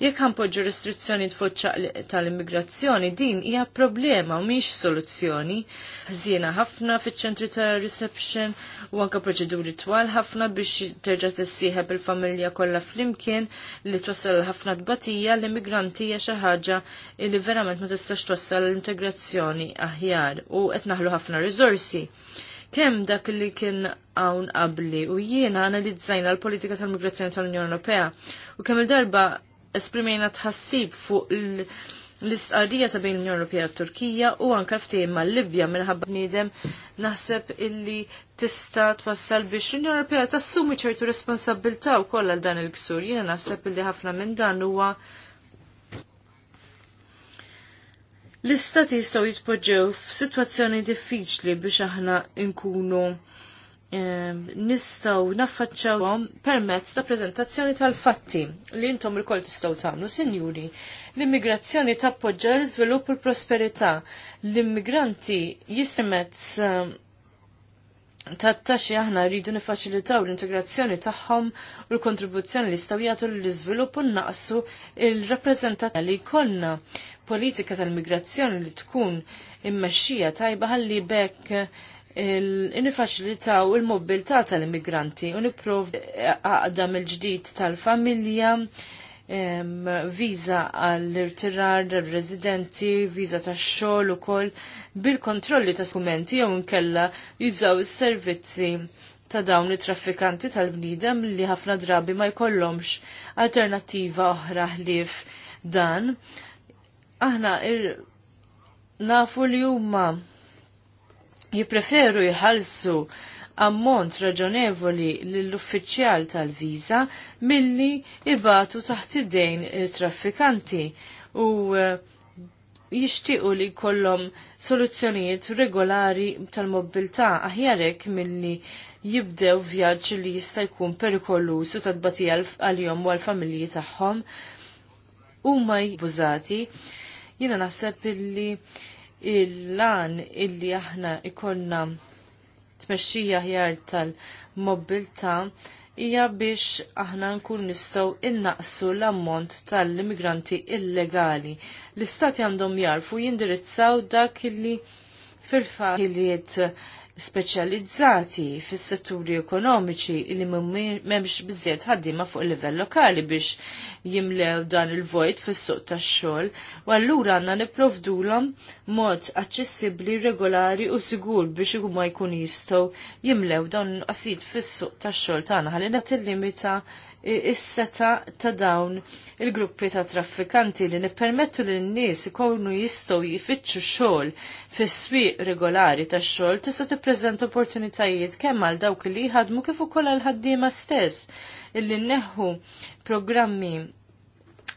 Jekk ħampoġġu restrizzjoni tfoċċaq tal-immigrazzjoni din hija problema u mhix soluzzjoni. Ħsiena ħafna fiċ-ċentri ta' reception u anke proċeduri twal ħafna biex terġa' tissieħeb il-familja kollha flimkien li twassal ħafna tbatija l-immigranti hija xi ħaġa li verament ma tistax twassal l-integrazzjoni aħjar u qed naħlu ħafna riżorsi kemm dak li kien hawn qabli u jiena analizzajna l-politika tal-migrazzjoni tal-Unjoni Ewropea u kemm il-darba esprimejna tħassib fuq l-istqarrija ta' bejn l-Unjoni Ewropea u Turkija u anke ftehim mal-Libja minħabba bniedem naħseb illi tista' twassal biex l-Unjoni Ewropea tassumi ċertu responsabilità wkoll għal dan il-ksur. Jiena naħseb illi ħafna minn dan huwa l-istat jistgħu jitpoġġew f'sitwazzjoni diffiċli biex aħna nkunu ehm, nistaw naffaċċawhom permezz ta' preżentazzjoni tal-fatti li intom il koll tistgħu tagħmlu, sinjuri. L-immigrazzjoni tappoġġa l-iżvilupp u l-prosperità. L-immigranti jisimezz ehm, tattaxi aħna rridu nifaċilitaw l-integrazzjoni tagħhom u l-kontribuzzjoni li jistgħu jagħtu l-iżvilupp u naqsu il-rappreżentazzjoni li jkollna politika tal-migrazzjoni li tkun immexxija tajba ħalli bekk nifaċilitaw il-mobilità tal-immigranti u niprov aqdam il-ġdid tal-familja viza għall-irtirar residenti, viza ta' xogħol ukoll bil-kontrolli ta' dokumenti jew inkella jużaw is-servizzi ta' dawn it-traffikanti tal-bniedem li ħafna drabi ma jkollhomx alternattiva oħra ħlief dan. Aħna nafu li huma jippreferu jħallsu ammont raġonevoli lill-uffiċjal tal-viża milli ibatu taħt id-dejn il-traffikanti u eh, jixtiequ li jkollhom soluzzjonijiet regolari tal-mobilità aħjarek milli jibdew vjaġġ li jista' jkun perikolus u ta' għal-jom u għal-familji tagħhom huma jibbużati. Jiena naħseb illi il-lan illi aħna ikonna tmexxija ħjar tal-mobilità hija biex aħna nkun nistgħu innaqsu l-ammont tal-immigranti illegali. L-istati għandhom jarfu jindirizzaw dak li fil-faħiliet speċjalizzati fis-setturi ekonomiċi li m'hemmx biżjed ħaddiema fuq livell lokali biex jimlew dan il-vojt fis-suq tax-xogħol, u allura għandna nipprovdulhom mod aċċessibbli, regolari u sigur biex huma jkun jistgħu jimlew dawn il-qasijiet fis-suq tax-xogħol tagħna ħalli nagħti limita is-seta ta' dawn il-gruppi ta' traffikanti li nippermettu li n-nies ikunu jistgħu jifittxu xogħol fis-swieq regolari tax xogħol tista' tippreżenta opportunitajiet kemm għal dawk li jħadmu kif ukoll għal ħaddiema stess illi nneħħu programmi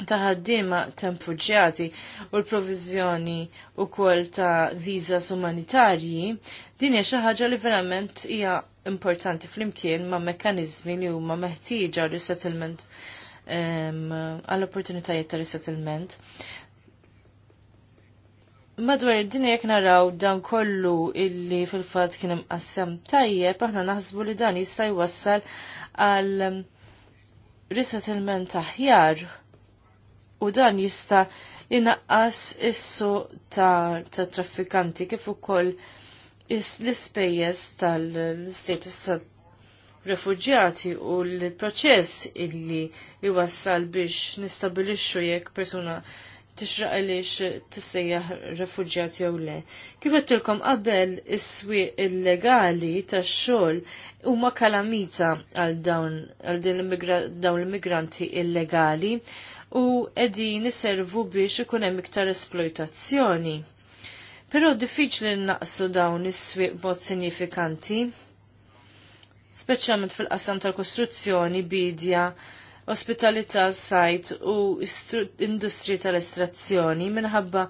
ta' ħaddiema tempoġġjati u l-provizjoni u kol ta' viżas umanitarji, din hija xi ħaġa li verament hija importanti flimkien ma' mekanizmi li huma meħtieġa resettlement għall-opportunitajiet ta' resettlement. Madwar id-dinja jek naraw dan kollu illi fil-fat kien qassem tajjeb, aħna naħsbu li dan jista' jwassal għal resettlement aħjar u dan jista' inaqqas issu ta', ta traffikanti kif ukoll Is l-ispejjeż tal-status tal-refuġjati u l-proċess illi jwassal biex nistabilixxu jekk persuna tixraq għaliex tissejjaħ refuġjat jew le. Kif għedtilkom qabel is-swieq illegali tax-xogħol huma kalamita għal dawn għal dawn l-immigranti illegali u qegħdin iservu biex ikun hemm iktar esploitazzjoni Però diffiċli naqsu dawn is-swieq bot sinifikanti, speċjalment fil-qasam tal-kostruzzjoni, bidja, ospitalità sajt u industri tal-estrazzjoni minħabba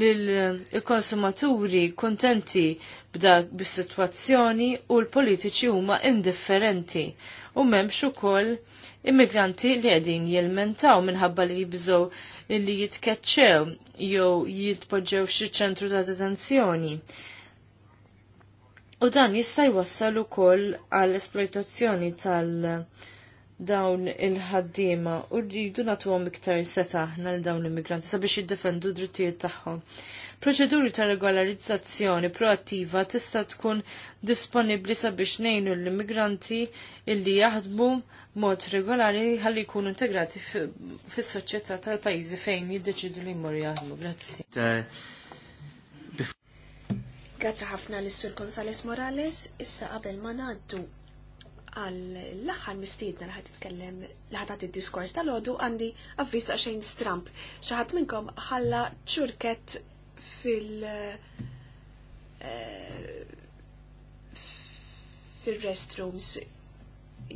li l-konsumaturi kontenti b'dak bis-sitwazzjoni u l-politiċi huma indifferenti u m'hemmx ukoll immigranti li qegħdin jilmentaw minħabba li jibżgħu li jitkeċċew jew jitpoġġew f'xi ċentru ta' detenzjoni. U dan jista' jwassal ukoll għall esploitazzjoni tal dawn il-ħaddiema u rridu nagħtuhom iktar seta' aħna l dawn l-immigranti sabiex jiddefendu d-drittijiet tagħhom. Proċeduri ta' regolarizzazzjoni proattiva tista' tkun disponibbli sabiex ngħinu l-immigranti illi jaħdmu mod regolari ħalli jkunu integrati fis-soċjetà tal-pajjiżi fejn jiddeċidu li jmorru jaħdmu. Grazzi. Grazzi ħafna l-Sur Gonzales Morales, issa qabel ma ngħaddu għall-aħħar mistiedna li ħad titkellem li ħad tagħti diskors tal-għodu għandi avviż ta' xejn stramp. Xi ħadd minnkom ħalla ċurket fil- eh, fil-restrooms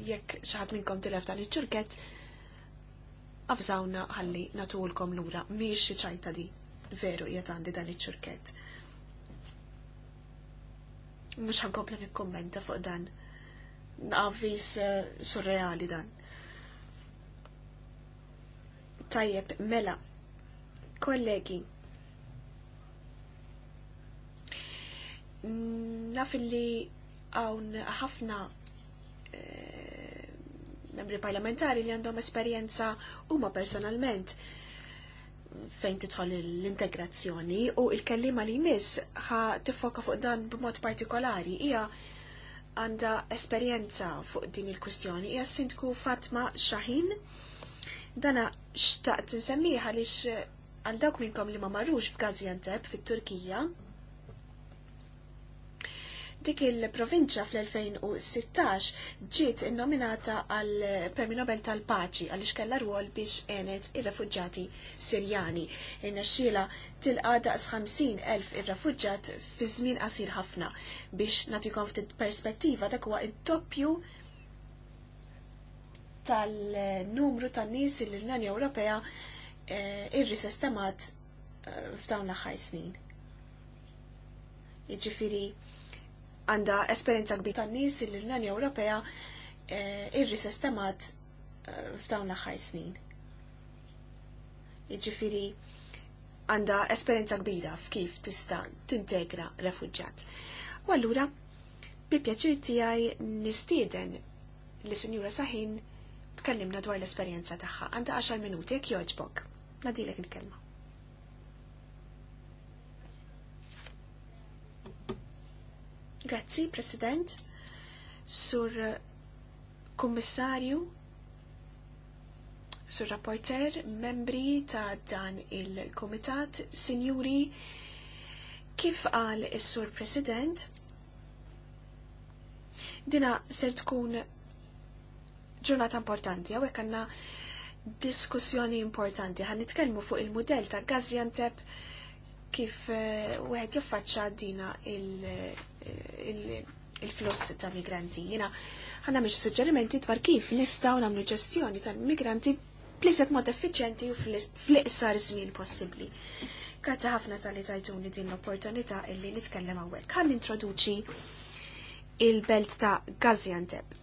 jekk xaħat minnkom tilef dan il-ċurket għafżawna ħalli natulkom l-ura miex ċajta di veru jiet għandi dan il-ċurket mux ħankompla kommenta fuq dan naqavis eh, surreali dan tajjeb mela kollegi Naf li hawn ħafna eh, membri parlamentari li għandhom esperjenza huma personalment fejn titħol l-integrazzjoni u il-kellima li jmiss ħa tifoka fuq dan b'mod partikolari hija għandha esperjenza fuq din il-kwistjoni hija sindku Fatma Shahin dana xtaqt nsemmiħa lix għal dawk minnkom li ma marrux f'Gaziantep fit-Turkija Dik il-provinċja fl-2016 ġiet innominata għal Premju Nobel tal-Paċi għaliex kellha rwol biex għenet ir refugġati Sirjani. Inna tilqa daqs 50,000 ir refugġat fi żmien qasir ħafna. Biex nagħtikom ftit perspettiva dak huwa id-doppju tal-numru tan-nies li l-Unjoni Ewropea eh, irrisestemat eh, f'dawn l-aħħar snin. Jiġifieri għanda esperienza kbita tan nies li l-Unjoni Ewropea eh, irrisistemat eh, f'dawn l-aħħar snin. Jiġifieri għanda esperienza kbira f'kif tista' tintegra refuġġjat. U allura bi pjaċir tiegħi nistieden li Sinjura Saħin tkellimna dwar l-esperjenza tagħha għandha 10 minuti jekk jogħġbok. Nadilek il-kelma. Grazzi, President, Sur eh, Kommissarju, Sur Rapporter, membri ta' dan il-Komitat, Sinjuri, kif qal is-Sur President, dina ser tkun ġurnata importanti, għawek għanna diskussjoni importanti. Għan nitkellmu fuq il-modell ta' Gaziantep kif uh, wieħed jaffaċċa dina il- il-fluss ta' migranti. Jina għanna miex suġġerimenti dwar kif nistaw namlu ġestjoni tal-migranti bliset mod effiċenti u fl-iqsar żmien possibbli. Grazzi ħafna tal-li tajtuni din l-opportunità illi nitkellem għawek. Għan introduċi il-belt ta' Gaziantep.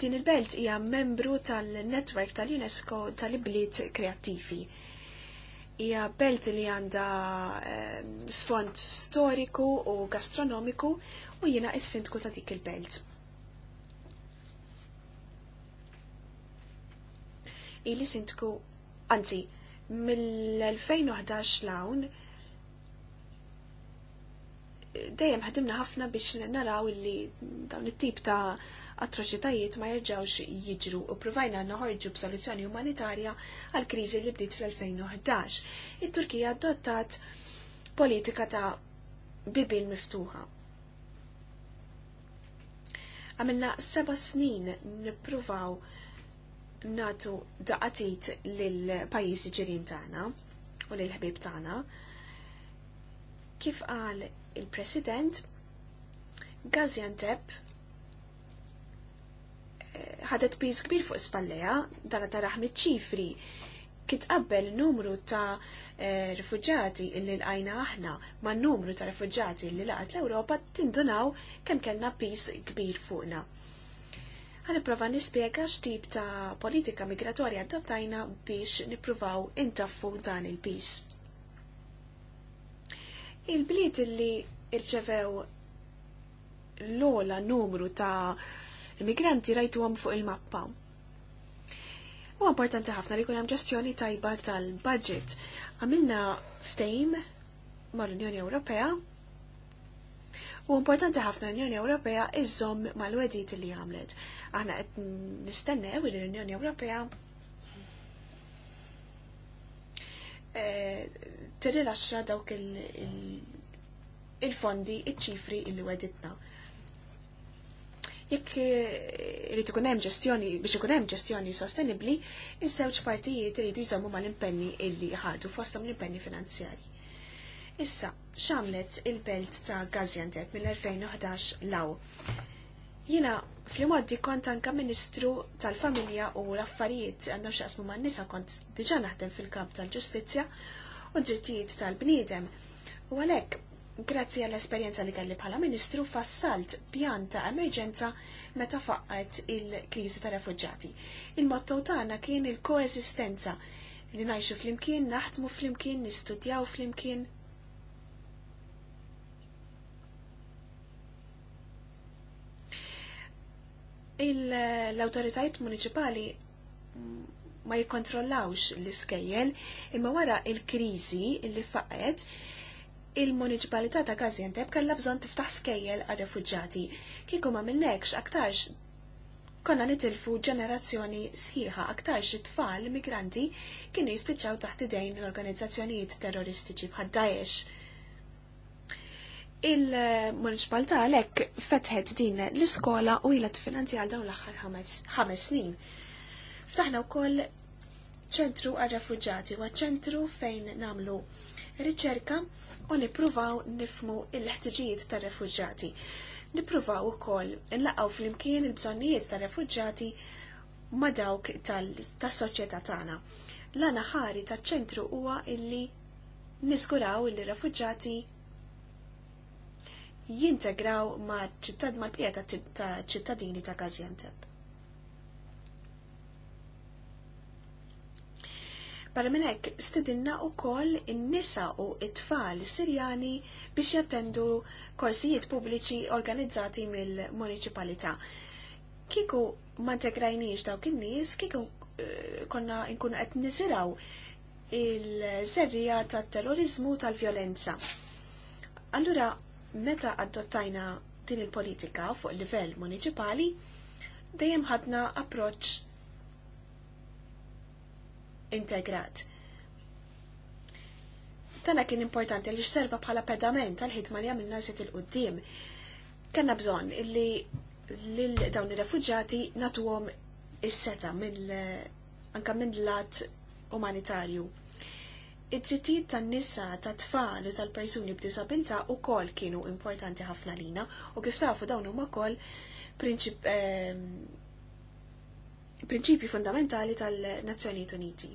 Din il-belt hija membru tal-network tal-UNESCO tal-ibliet kreattivi hija belt li għandha ehm, sfond storiku u gastronomiku u jiena is ta' dik il-belt. Ili sintku anzi, mill-2011 lawn dejjem ħadimna ħafna biex naraw illi dawn it-tip ta' atroċitajiet ma jirġawx jiġru u provajna noħorġu b'soluzzjoni umanitarja għal kriżi li bdiet fl-2011. It-Turkija adottat politika ta' bibil miftuħa. Għamilna seba snin nippruvaw natu daqatit lill-pajjiżi ġirin tagħna u lill-ħbib tagħna. Kif qal il-President, Gaziantep ħadet piż kbir fuq spalleja, dan ta' raħmi ċifri Kitqabbel numru ta' eh, rifugġati illi l-għajna aħna ma' numru ta' rifugġati illi laqat l-Ewropa tindunaw kemm kellna piż kbir fuqna. prova nispiega x'tip ta' politika migratorja adottajna biex nipruvaw intaffu dan il-piż. Il-bliet illi irċevew l-ola numru ta' immigranti rajtuhom fuq il-mappa. U importanti ħafna li kunem ġestjoni tajba tal-budget. Għamilna ftejm mal-Unjoni Ewropea u importanti ħafna l-Unjoni Ewropea iżżomm mal-wedit li għamlet. Aħna qed nistennew u l-Unjoni Ewropea eh, tirilaxxa dawk il-fondi iċ-ċifri il weditna. Jekk eh, irid ikun hemm ġestjoni biex ikun hemm ġestjoni sostenibbli, iż-żewġ partijiet iridu jżommu mal-impenni illi ħadu fosthom l-impenni finanzjari. Issa, x'għamlet il-belt ta' Gaziantep mill-2011 law. Jiena fl-imoddi kont anka ministru tal-familja u l-affarijiet għandhom xaqsmu ma' nisa kont diġa naħdem fil-kamp tal-ġustizja u drittijiet tal-bniedem. U għalek, Grazzi għall-esperjenza li kelli bħala Ministru fassalt pjan ta' emerġenza meta faqqet il-kriżi ta' refugġati. Il-motto tagħna kien il-koesistenza li najxu flimkien, naħdmu flimkien, nistudjaw flimkien. L-autoritajiet municipali ma jikontrollawx l-iskejjel imma wara il-krizi li faqet il-municipalità ta' Gaziantep kellha bżonn tiftaħ skejjel għar-refuġġati. Kieku ma minnekx aktarx konna nitilfu ġenerazzjoni sħiħa aktarx it-tfal migranti kienu jispiċċaw taħt idejn l-organizzazzjonijiet terroristiċi bħad Daesh. Il-municipalità għalhekk fetħet din l-iskola u ilha finanzjal dawn l-aħħar ħames snin. Ftaħna wkoll ċentru għar-refuġġati huwa ċentru fejn namlu riċerka u nippruvaw nifmu il-ħtiġijiet tar-refuġġati. Nippruvaw ukoll nlaqgħu flimkien il-bżonnijiet tar-refuġġati ma' dawk tas-soċjetà tagħna. L-għana ħari taċ-ċentru huwa illi niskuraw li refuġġati jintegraw ma' ċittad ma' qiegħda ta' ċittadini ta' Gaziantep. Barra minn hekk stidinna wkoll in-nisa u it-tfal Sirjani biex jattendu korsijiet pubbliċi organizzati mill municipalita Kiku ma integrajniex dawk in-nies, kiku eh, konna nkunu qed nisiraw il-żerrija tat-terrorizmu tal-vjolenza. Allura, meta adottajna din il-politika fuq livell municipali, dejjem ħadna approċċ integrat. Tana kien importanti li xserva bħala pedament tal-ħidma li għamilna zit il-qoddim. Kanna bżon illi l-dawn il-refugġati natuhom is-seta anka minn lat umanitarju. Id-drittijiet tan-nisa, tat-tfal u tal-persuni b'disabilità wkoll kienu importanti ħafna lina u kif tafu dawn huma wkoll prinċip eh, prinċipji fundamentali tal-Nazzjonijiet Uniti.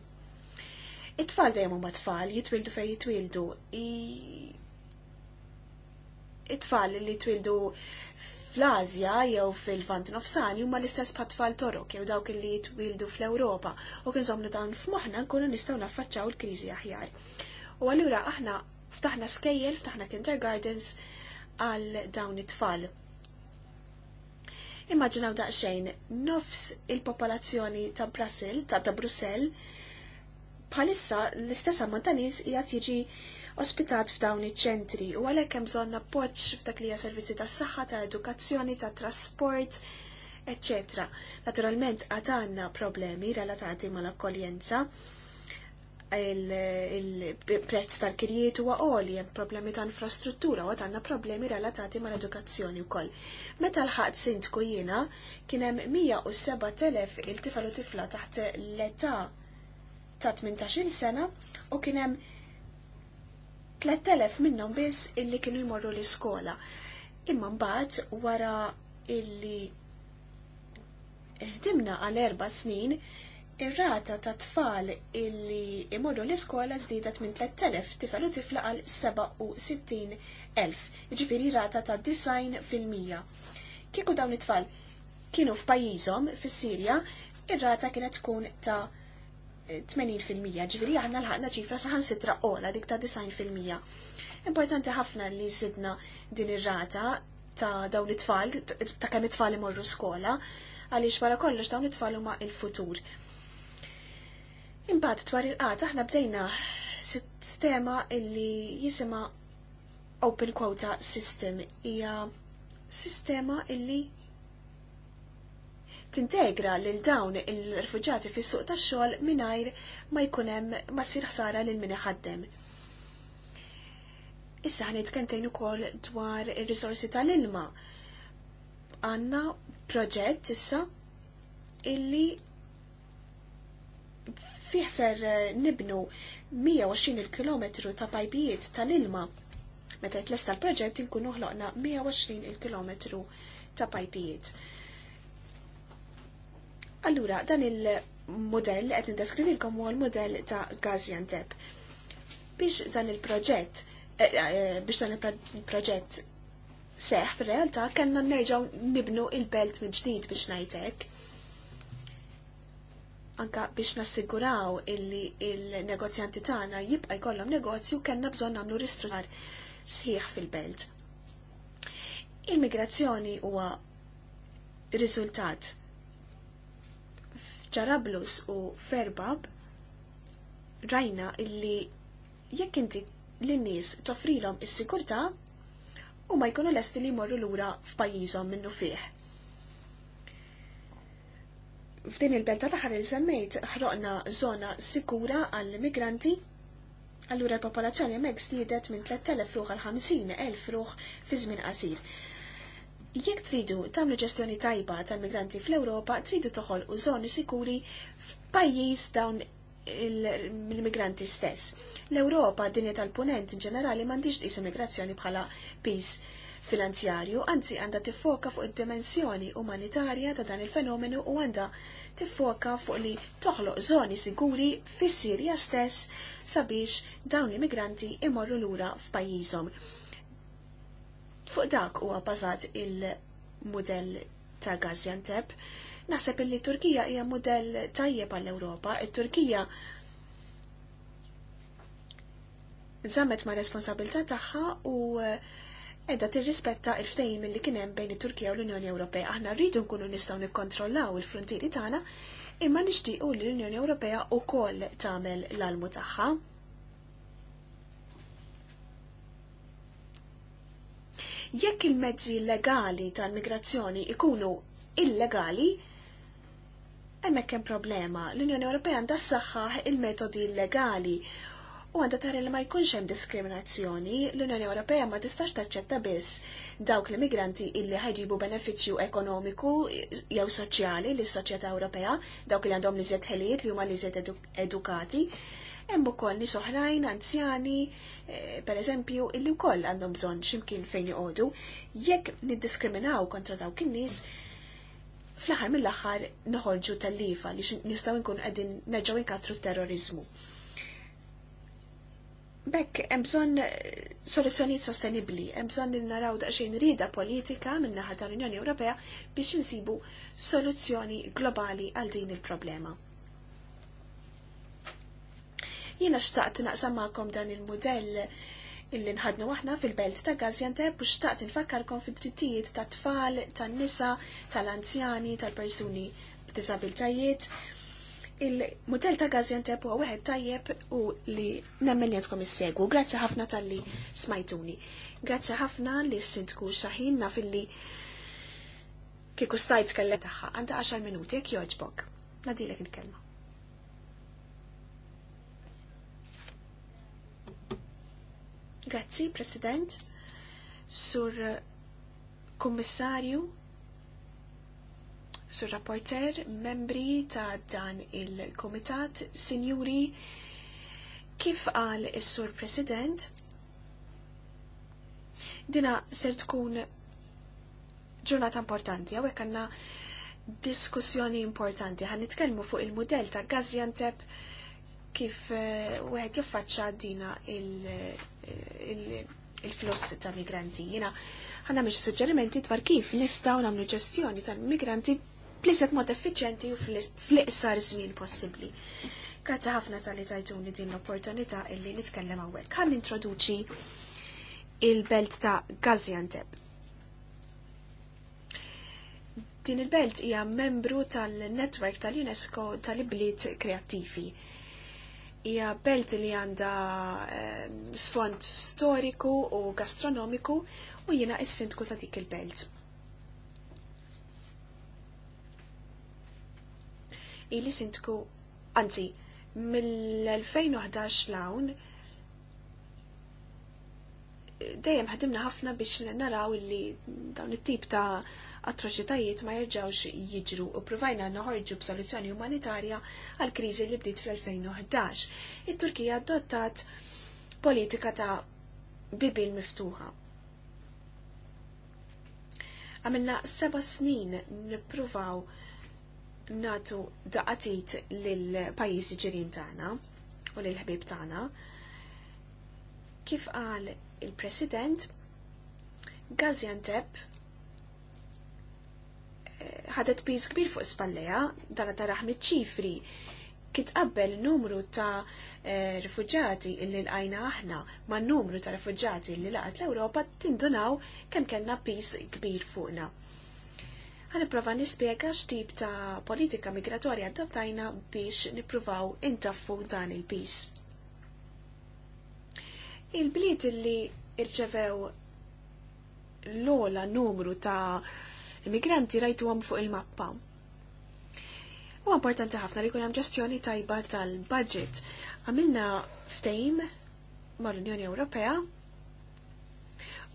It-tfal dejjem huma tfal, jitwildu fejn jitwildu. It-tfal li jitwildu fl-Azja jew fil-Vant Nofsani huma l-istess bħat-tfal Torok jew dawk li jitwildu fl-Ewropa u kien żommu dawn f'moħħna nkunu nistgħu naffaċċaw il-kriżi aħjar. U allura aħna ftaħna skejjel, ftaħna kindergartens għal dawn it-tfal Immaġinaw daqsxejn nofs il-popolazzjoni ta' Brasil, ta' ta' Brussel, bħalissa l-istess ammont jgħat jiġi ospitat f'dawn iċ-ċentri u għalhekk hemm bżonn appoġġ f'dak li hija servizzi tas-saħħa, ta' edukazzjoni tat-trasport, eccetera. Naturalment għad għandna problemi relatati mal-akkoljenza, il-prezz tal-kirjiet huwa għoli, hemm problemi ta' infrastruttura u għatanna problemi relatati mal edukazzjoni wkoll. Meta l-ħadd sindku jiena kien hemm 107,000 il-tifel u tifla taħt l-età ta' 18-il sena u kien hemm 3,000 minnhom biss illi kienu jmorru l-iskola. Imma mbagħad wara illi ħdimna għal erba' snin Ir-rata ta' tfal illi imorru l-iskola żdiedet minn 3,000 tifel u tifla għal 67,000, iġifiri rata ta' 90 fil-mija. Kieku dawn it-tfal kienu f'pajjiżhom fis-Sirja, ir-rata kienet tkun ta' 80% ġifiri għanna l-ħakna ċifra saħan sitra ola dik ta' 90%. Importanti ħafna li sidna din ir-rata ta' dawn it-tfal, ta' kemm it-tfal imorru skola, għaliex wara kollox dawn it-tfal huma il-futur. Imbagħad dwar il-qat aħna bdejna sistema illi jisima Open Quota System hija sistema illi tintegra lil dawn il-refuġati fis suq tax-xogħol mingħajr ma jkun hemm ma ssir ħsara lil min iħaddem. Issa ħan nitkentejn ukoll dwar ir-risorsi tal-ilma. Għandna proġett issa illi fih ser eh, nibnu 120 km ta' pajbijiet tal-ilma. Meta tlesta l-proġett inkunu ħloqna 120 km ta' pajbijiet. Allura, dan il-modell qed nindeskrivilkom huwa l-modell ta' Gaziantep. Biex dan il-proġett eh, eh, biex dan il-proġett seħ fil-realtà kellna nerġgħu nibnu il-belt minn ġdid biex ngħidlek anka biex nassiguraw illi il-negozjanti tagħna jibqa' jkollhom negozju kellna bżonn nagħmlu ristruttar sħiħ fil-belt. Il-migrazzjoni huwa riżultat f'Ġarablus u Ferbab rajna illi jekk inti lin-nies toffrilhom is-sigurtà u ma jkunu lesti li jmorru lura f'pajjiżhom minnu fih f'din il-belt tal-aħħar li semmejt ħroqna zona sikura għall-migranti Allura l-popolazzjoni hemmhekk stiedet minn 3,000 ruħ għal 50,000 ruħ fi żmien qasir. Jekk tridu tagħmlu ġestjoni tajba tal-migranti fl-Ewropa, tridu toħolqu żoni sikuri f'pajjiż dawn il-migranti stess. L-Ewropa dinja tal-punent in ġenerali m'għandix tqis immigrazzjoni bħala peace finanzjarju, anzi għandha tiffoka fuq id-dimensjoni umanitarja ta' dan il-fenomenu u għandha tiffoka fuq li toħloq zoni siguri fis sirja stess sabiex dawn l-immigranti imorru lura f'pajjiżhom. Fuq dak huwa bażat il-mudell ta' Gaziantep. Naħseb li Turkija hija mudell tajjeb għall-Ewropa. It-Turkija zammet ma' responsabilità tagħha u uh, edha tirrispetta il ftajim li kien hemm bejn it-Turkija u l-Unjoni Ewropea. Aħna rridu nkunu nistgħu nikkontrollaw il fruntieri tagħna imma nixtiequ li l-Unjoni Ewropea wkoll tagħmel l-almu tagħha. Jekk il-mezzi legali tal-migrazzjoni ikunu illegali, hemmhekk hemm problema. L-Unjoni Ewropea ndassaħħaħ il-metodi illegali u għandha tara li ma jkunx hemm diskriminazzjoni, l-Unjoni Ewropea ma tistax taċċetta biss dawk l-immigranti illi ħajġibu benefiċċju ekonomiku jew soċjali lis soċjetà Ewropea, dawk li għandhom liżed ħelijiet li huma liżed edukati, hemm ukoll nies oħrajn, anzjani, eh, pereżempju, illi wkoll għandhom bżonn x'imkien fejn joqogħdu, jekk niddiskriminaw kontra dawk in-nies, fl-aħħar mill-aħħar noħorġu tal-lifa li nistgħu nkun qegħdin nerġgħu inkatru t-terrorizmu. Bekk, emżon eh, soluzzjoniet sostenibli, emżon li naraw daċxin rida politika ħata tal-Unjoni Ewropea biex insibu soluzzjoni globali għal din il-problema. Jiena xtaqt naqsam ma'kom dan il-modell illi nħadnu aħna fil-belt ta' Gaziantep u xtaqt nfakkarkom fil drittijiet ta' tfal, tan-nisa, tal-anzjani, tal-persuni b'disabiltajiet il-modell ta' Gaziantep huwa wieħed tajjeb u li nemmen li għandkom Grazzi ħafna tal-li smajtuni. Grazzi ħafna li s-sintku xaħin naf li kieku stajt kellet tagħha Għanda 10 minuti jekk jogħġbok. Nadilek il-kelma. Grazzi, President, Sur Kommissarju, Sur rapporter, membri ta' dan il-komitat, sinjuri, kif għal is-sur president, dina ser tkun ġurnata importanti, għawek għanna diskussjoni importanti. Għan nitkellmu fuq il-modell ta' Gaziantep kif eh, wieħed jaffaċċa dina eh, il-fluss ta' migranti. Jina ħanna miex suġġerimenti dwar kif nistgħu nagħmlu ġestjoni tal-migranti bliżet mod effiċenti u fl-iqsar żmien possibbli. Grazzi ħafna tal-li tajtuni din l-opportunità illi nitkellem hawnhekk. Għan introduċi il-belt ta' Gaziantep. Din il-belt hija membru tal-netwerk tal-UNESCO tal-ibliet kreattivi hija belt li għanda ehm, sfond storiku u gastronomiku u jiena is-sindku ta' dik il-belt. ili sintku anzi, mill-2011 lawn dejjem ħadimna ħafna biex naraw li dawn it-tip ta' atroċitajiet ma jerġawx jiġru u provajna noħorġu b'soluzzjoni umanitarja għal kriżi li bdiet fl-2011. It-Turkija adottat politika ta' bibil miftuħa. Għamilna seba snin nippruvaw natu daqatit lill-pajjiżi ġirin tagħna u lill-ħbib tagħna. Kif qal il-President, Gaziantep eh, ħadet piż kbir fuq spalleja dala taraħ miċ-ċifri qabbel numru ta' eh, rifugġati illi l-għajna aħna ma' numru ta' rifugġati illi laqat l-Ewropa tindunaw kemm kellna piż kbir fuqna ħaniprofa nispjega x'tip ta' politika migratorja adottajna biex nippruvaw intaffu dan il-pis. Il-bliet li irċevew l-ola numru ta' immigranti rajtu għam fuq il-mappa. U importanti ħafna li kunem ġestjoni tajba tal-budget. Għamilna ftejm mal-Unjoni Ewropea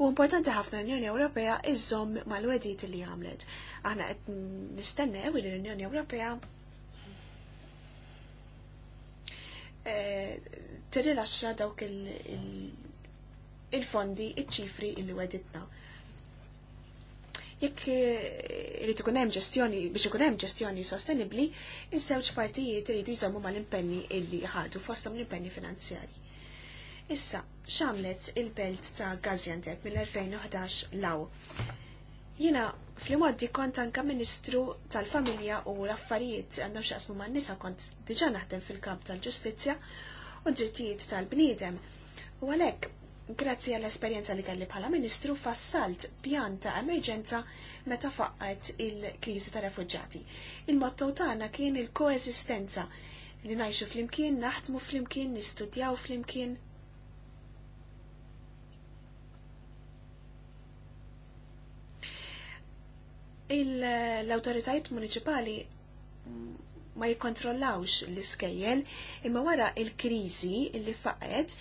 u importanti ħafna l-Unjoni Ewropea iżżomm mal-wedit li għamlet. Aħna qed nistennew li l-Unjoni Ewropea eh, tirilaxxa dawk il-fondi iċ-ċifri illi weditna. Jekk eh, irid ikun hemm ġestjoni biex ikun hemm ġestjoni sostenibbli, insewġ partijiet irid jżommu mal-impenni illi ħadu fosthom l-impenni finanzjari. Issa, x'għamlet il-belt ta' Gaziantep mill-2011 law Jina fl-imoddi kont anka ministru tal-familja u l-affarijiet għandhom xaqsmu ma' nisa kont diġa naħdem fil-kamp tal-ġustizja u drittijiet tal-bniedem. U għalek, grazzi għall-esperienza li kelli bħala ministru, fassalt pjan ta' emerġenza meta faqqet il-krizi ta' refugġati. Il-motto tagħna kien il-koesistenza li najxu flimkien, naħdmu flimkien, nistudjaw flimkien, l autoritajt municipali ma jikontrollawx l-iskejjel imma wara il-kriżi li faqet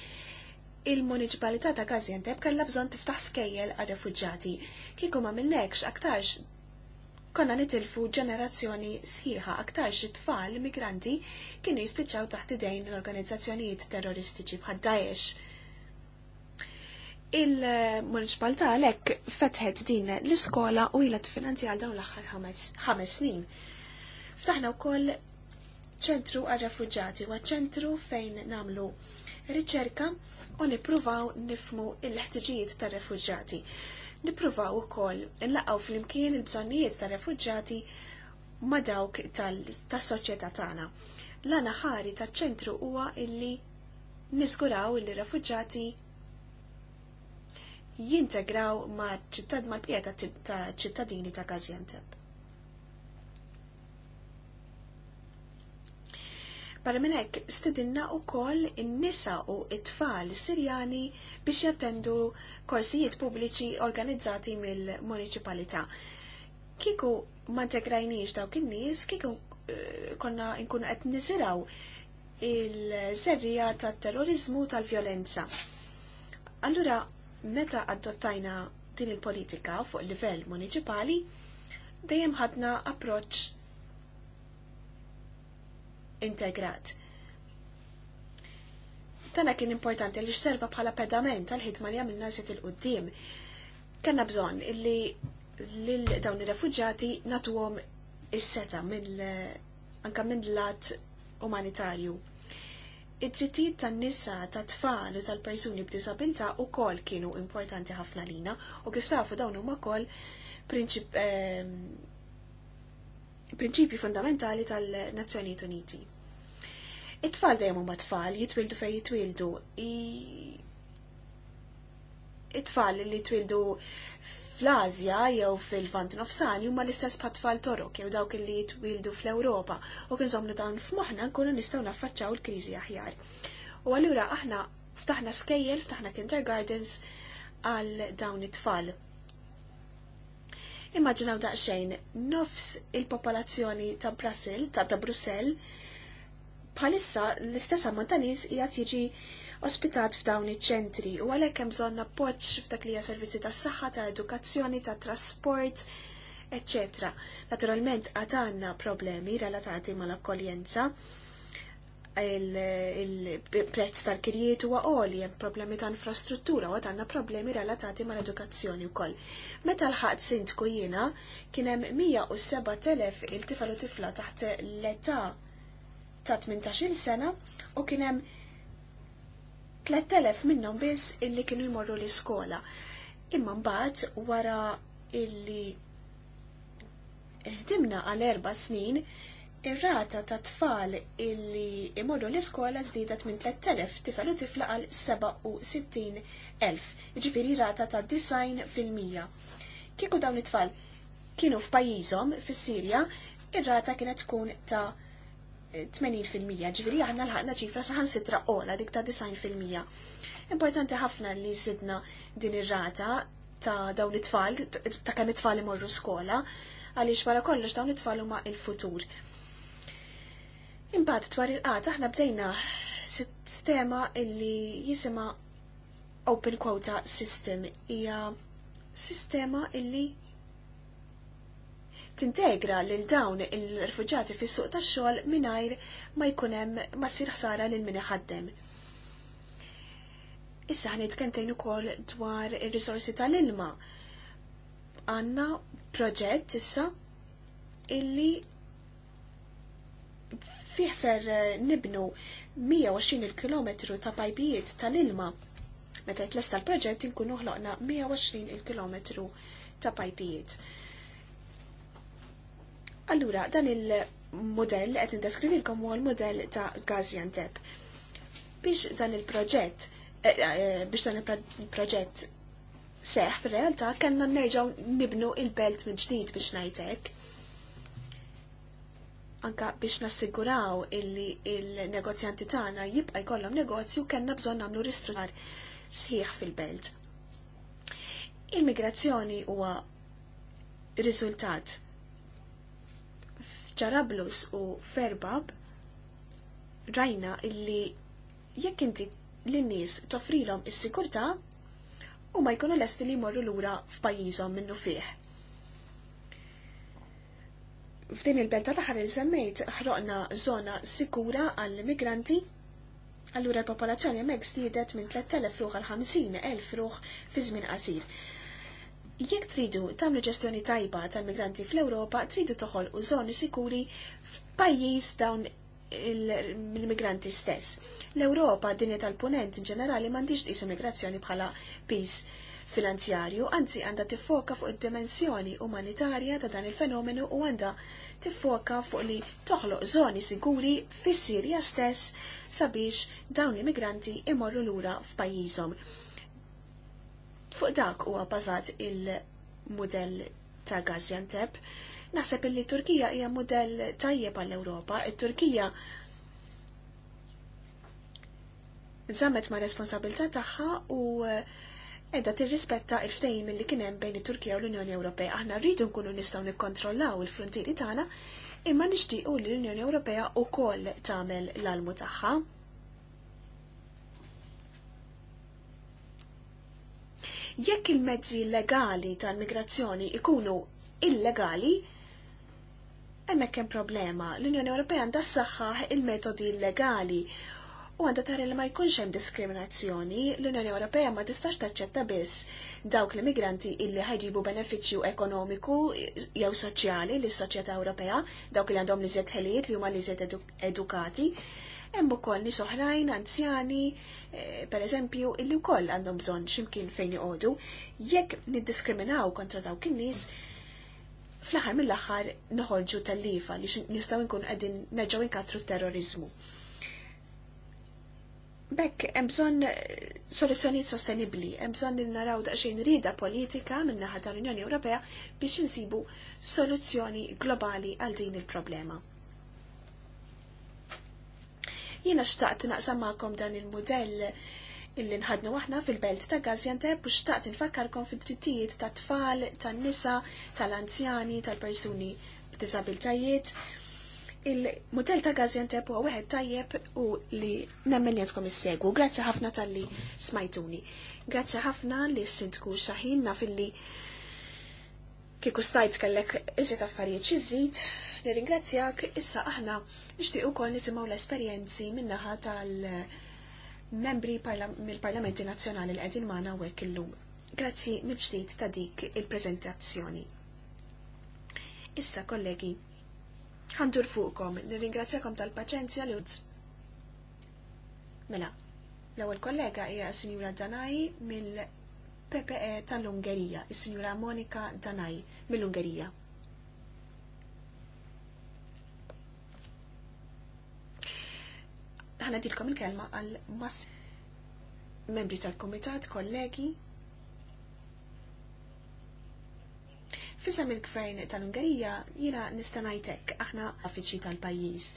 il-municipalità ta' Gaziantep kellha bżonn tiftaħ skejjel għal refuġġati Kieku ma minnekx aktarx konna nitilfu ġenerazzjoni sħiħa aktarx it-tfal migranti kienu jispiċċaw taħt idejn l-organizzazzjonijiet terroristiċi bħad Daesh. Il-municipalità għalek fetħet din l-iskola u ilha t dawn l-axar ħames snin. Ftaħna u koll ċentru għal-refugġati u ċentru fejn namlu riċerka u nipruvaw nifmu il-ħtiġijiet tar refugġati Nipruvaw u koll nlaqaw fl-imkien il-bżonnijiet tar refugġati ma dawk tas-soċjetà tagħna. L-ana ħari taċ-ċentru huwa illi niskuraw illi refuġġati jintegraw ma' ċittad ma' pjeta ta' ċittadini ta' Gaziantep. Barra minn hekk stedinna wkoll in-nisa u it-tfal Sirjani biex jattendu korsijiet pubbliċi organizzati mill-municipalità. Kiku ma integrajniex dawk in-nies, kiku eh, konna nkunu qed niziraw il serrija tat-terrorizmu tal-vjolenza. Allura meta adottajna din il-politika fuq livell municipali, dejjem ħadna approċ integrat. Tana kien importanti li xserva bħala pedament tal-ħidma li għamilna zet il-qoddim. Kanna bżon illi lil dawn ir-refuġjati natuhom is-seta mill anka minn lat umanitarju. Id-drittijiet tan-nisa, tat-tfal u tal-persuni b'disabilità wkoll kienu importanti ħafna lina u kif tafu dawn huma wkoll ehm, prinċipji fundamentali tal-Nazzjonijiet Uniti. It-tfal dejjem huma tfal, jitwildu fejn jitwildu. It-tfal li jitwildu fl-Azja jew fil-Vant Nofsani huma l-istess patfall torok jew dawk li jitwildu fl-Ewropa u kien żommu dawn f'moħħna nkunu nistgħu naffaċċaw il-kriżi aħjar. U allura aħna ftaħna skejjel, ftaħna kindergartens għal dawn it-tfal. Immaġinaw daqsxejn nofs il-popolazzjoni ta' Brasil, ta' ta' Brussell, bħalissa l-istess ammont ta' nies qiegħed jiġi ospitat f'dawn iċ-ċentri u għalhekk hemm bżonn appoġġ f'dak li hija servizzi tas-saħħa, ta' edukazzjoni tat-trasport, etc. Naturalment għad għandna problemi relatati mal-akkoljenza il-prezz tal-kirjiet huwa qoli, hemm problemi ta' infrastruttura, u għandna problemi relatati mal edukazzjoni wkoll. Meta l-ħadd sindku jiena kien hemm 107,000 il-tifel u tifla taħt l-età ta' 18-il sena u kien hemm 3000 minnhom biss illi kienu jmorru l-iskola. Imma mbagħad wara illi ħdimna għal erba' snin, ir-rata ta' tfal illi imorru l-iskola żdiedet minn 3000 tifel u tifla għal 67,000, ġifiri rata ta' 90 fil-mija. Kieku dawn it-tfal kienu f'pajjiżhom fis-Sirja, ir-rata kienet tkun ta' 80% ġviri għanna l-ħakna ċifra saħan sitra ola dik ta' 90%. Importanti ħafna li sidna din ir-rata ta' dawn it-tfal, ta' kemm it-tfal imorru skola, għaliex wara kollox dawn it-tfal huma il-futur. Imbagħad dwar il-qat aħna bdejna sistema illi jisima Open Quota System hija sistema illi tintegra lil dawn il-refuġati fis-suq tax-xogħol mingħajr ma jkun hemm ma ssir ħsara lil min iħaddem. Issa ħnitkemtejn ukoll dwar ir-risorsi tal-ilma. Għandna proġett issa illi fiħser nibnu 120 km ta' pajbijiet tal-ilma. Meta jtlesta l-proġett inkunu ħloqna 120 km ta' pajbijiet. Allura, dan il-modell qed indeskrivilkom huwa l-modell ta' Gaziantep. Biex dan il-proġett eh, eh, biex dan il-proġett seħ fil-realtà kellna nerġgħu nibnu il-belt minn ġdid biex ngħidlek. Anka biex nassiguraw illi il-negozjanti tagħna jibqa' jkollhom negozju kellna bżonn nagħmlu ristruttar sħiħ fil-belt. Il-migrazzjoni huwa riżultat Ġarablus u Ferbab rajna illi jekk inti l-nies toffrilhom is-sigurtà u ma jkunu lesti li jmorru lura f'pajjiżhom minnu fih. F'din il-belt tal-aħħar li semmejt ħroqna żona sikura għall-migranti Allura l-popolazzjoni hemmhekk stiedet minn 3,000 ruħ għal 50,000 ruħ fi żmien qasir. Jekk tridu tagħmlu ġestjoni tajba tal-migranti fl-Ewropa, tridu toħol u żoni sikuri f'pajjiż dawn il-migranti stess. L-Ewropa dinja tal-punent in ġenerali m'għandix tqis immigrazzjoni bħala pis finanzjarju, anzi għandha tiffoka fuq id-dimensjoni umanitarja ta' dan il-fenomenu u għandha tiffoka fuq li toħloq żoni siguri fis-Sirja stess sabiex dawn l-immigranti imorru lura f'pajjiżhom. Fuq dak huwa bażat il-mudell ta' Gaziantep. Naħseb illi Turkija hija mudell tajjeb għall ewropa it-Turkija żammet ma' responsabilità tagħha u eh, edha tirrispetta il-ftehim li kien hemm bejn it-Turkija u l-Unjoni Ewropea. Aħna rridu nkunu nistgħu nikkontrollaw il-frontieri tagħna imma nixtiequ li l-Unjoni Ewropea wkoll tagħmel l-almu tagħha Jekk il-mezzi legali tal-migrazzjoni ikunu illegali, hemmhekk hemm problema. L-Unjoni Ewropea għandha saħħaħ il-metodi illegali u għandha tara li ma jkunx hemm diskriminazzjoni, l-Unjoni Ewropea ma tistax taċċetta biss dawk l-immigranti illi ħajġibu benefiċċju ekonomiku jew soċjali lis soċjetà Ewropea, dawk li għandhom li ħelijiet li huma li edukati, Hemm ukoll nies oħrajn anzjani, eh, pereżempju, illi wkoll għandhom bżonn x'imkien fejn joqogħdu, jekk niddiskriminaw kontra dawk in-nies, fl-aħħar mill-aħħar noħorġu tal-lifa li nistgħu nkun qegħdin nerġgħu inkatru terrorizmu. Bekk, hemm bżonn eh, soluzzjonijiet sostenibbli, hemm bżonn li naraw daqsxejn rida politika min-naħa tal-Unjoni Ewropea biex insibu soluzzjoni globali għal din il-problema. Jiena xtaqt naqsam maqom dan il-modell illi nħadnu aħna fil-belt ta' Gaziantep u xtaqt nfakkarkom fil drittijiet ta' tfal, tan-nisa, tal-anzjani, tal-persuni b'diżabiltajiet. Il-modell ta' Gaziantep huwa wieħed tajjeb u li nemmenjetkom jadkom is-segwu. Grazzi ħafna tal-li smajtuni. Grazzi ħafna li s sintku xaħin fil-li Kiku stajt kellek iżiet affarijiet żid, nirringrazzjak issa aħna nixtieq ukoll nisimgħu l-esperjenzi min-naħa tal-membri mill-Parlamenti Nazzjonali li qegħdin magħna hawnhekk illum. Grazzi mill-ġdid ta' dik il-preżentazzjoni. Issa kollegi, ħandur fuqkom, nirringrazzjakom tal-paċenzja li Mela, l-ewwel kollega hija Sinjura Danaj mill PPE eh, tal-Ungerija, is-Sinjura Monika Danaj mill-Ungerija. Għana dilkom il-kelma għal mas membri tal-Komitat, kollegi. Fisam il-Gvern tal-Ungerija jina nistanajtek aħna affiċi tal-pajjiż.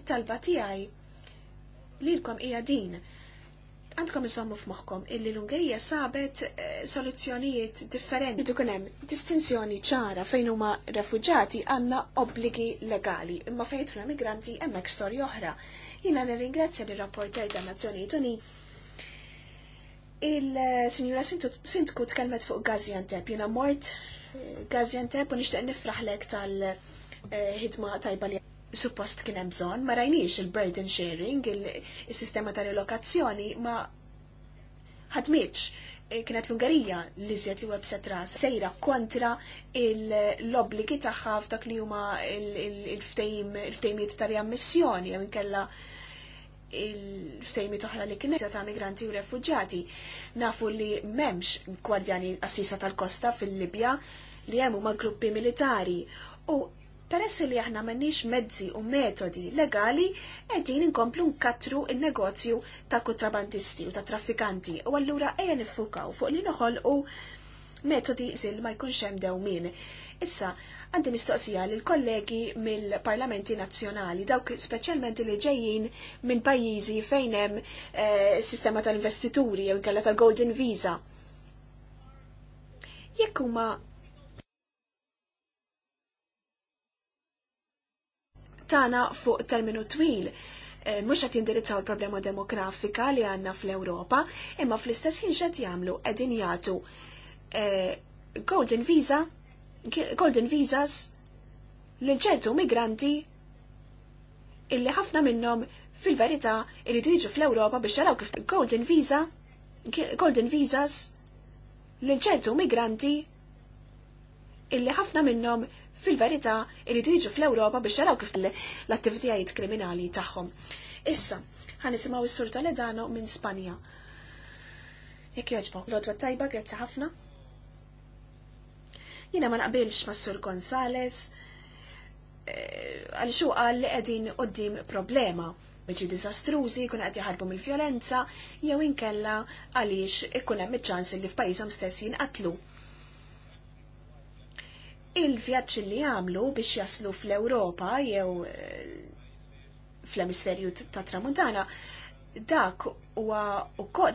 It-talba tiegħi lilkom hija din għandkom iżommu f'moħħkom illi l-Ungerija sabet eh, soluzzjonijiet differenti. Bidu kunem distinzjoni ċara fejn huma refuġati għandna obbligi legali, imma fejn tfla migranti hemmhekk storja oħra. Jiena nirringrazzja lir-rapporter ta' Nazzjonijiet Uniti Il-Sinjura Sintku tkellmet fuq Gaziantep, jiena mort eh, Gaziantep u nixtieq nifraħlek tal-ħidma eh, tajba li suppost kien hemm bżonn, ma rajniex il-burden sharing, il-sistema ta' relokazzjoni ma ħadmitx. E, kienet l-Ungarija li żjed li webset ras sejra kontra l-obbligi tagħha f'dak li huma il-ftejmiet ta' riammissjoni jew inkella il-ftejmiet oħra li kienet ta' migranti u refuġjati. Nafu li m'hemmx gwardjani assisa tal-kosta fil-Libja li hemm huma gruppi militari u Peress li aħna m'għandniex mezzi u metodi legali qegħdin inkomplu nkattru n negozju ta' kontrabandisti u ta' traffikanti u allura ejja niffukaw fuq li noħolqu metodi zil ma jkunx hemm dewmin. Issa, għandi mistoqsija lil kollegi mill-parlamenti nazzjonali, dawk speċjalment li ġejjin minn pajjiżi fejn hemm eh, sistema tal-investituri jew inkella tal-Golden Visa. Jekk huma Tana fuq terminu twil. Eh, mhux qed jindirizzaw il-problema demografika li għandna fl-Ewropa, imma fl-istess ħin jamlu jagħmlu qegħdin jagħtu eh, Golden Visa, Golden Visas l ċertu migranti illi ħafna minnhom fil-verità irridu jiġu fl-Ewropa biex jaraw kif Golden Visa, Golden Visas l ċertu migranti illi ħafna minnhom fil-verità iridu jiġu fl-Ewropa biex jaraw kif l-attivitajiet kriminali tagħhom. Issa, ħanisimgħu is-Sur Toledano minn Spanja. Jekk jogħġbu, l-odwa tajba, grazzi ħafna. Jiena ma naqbilx mas Sur Gonzales eh, għal xu qal li qegħdin qudiem problema biex diżastrużi jkun qed jaħarbu mill-vjolenza jew inkella għaliex ikun hemm iċ-ċans li f'pajjiżhom stess jinqatlu il vjaċ li għamlu biex jaslu fl-Ewropa jew eh, fl-emisferju ta' tramuntana, dak huwa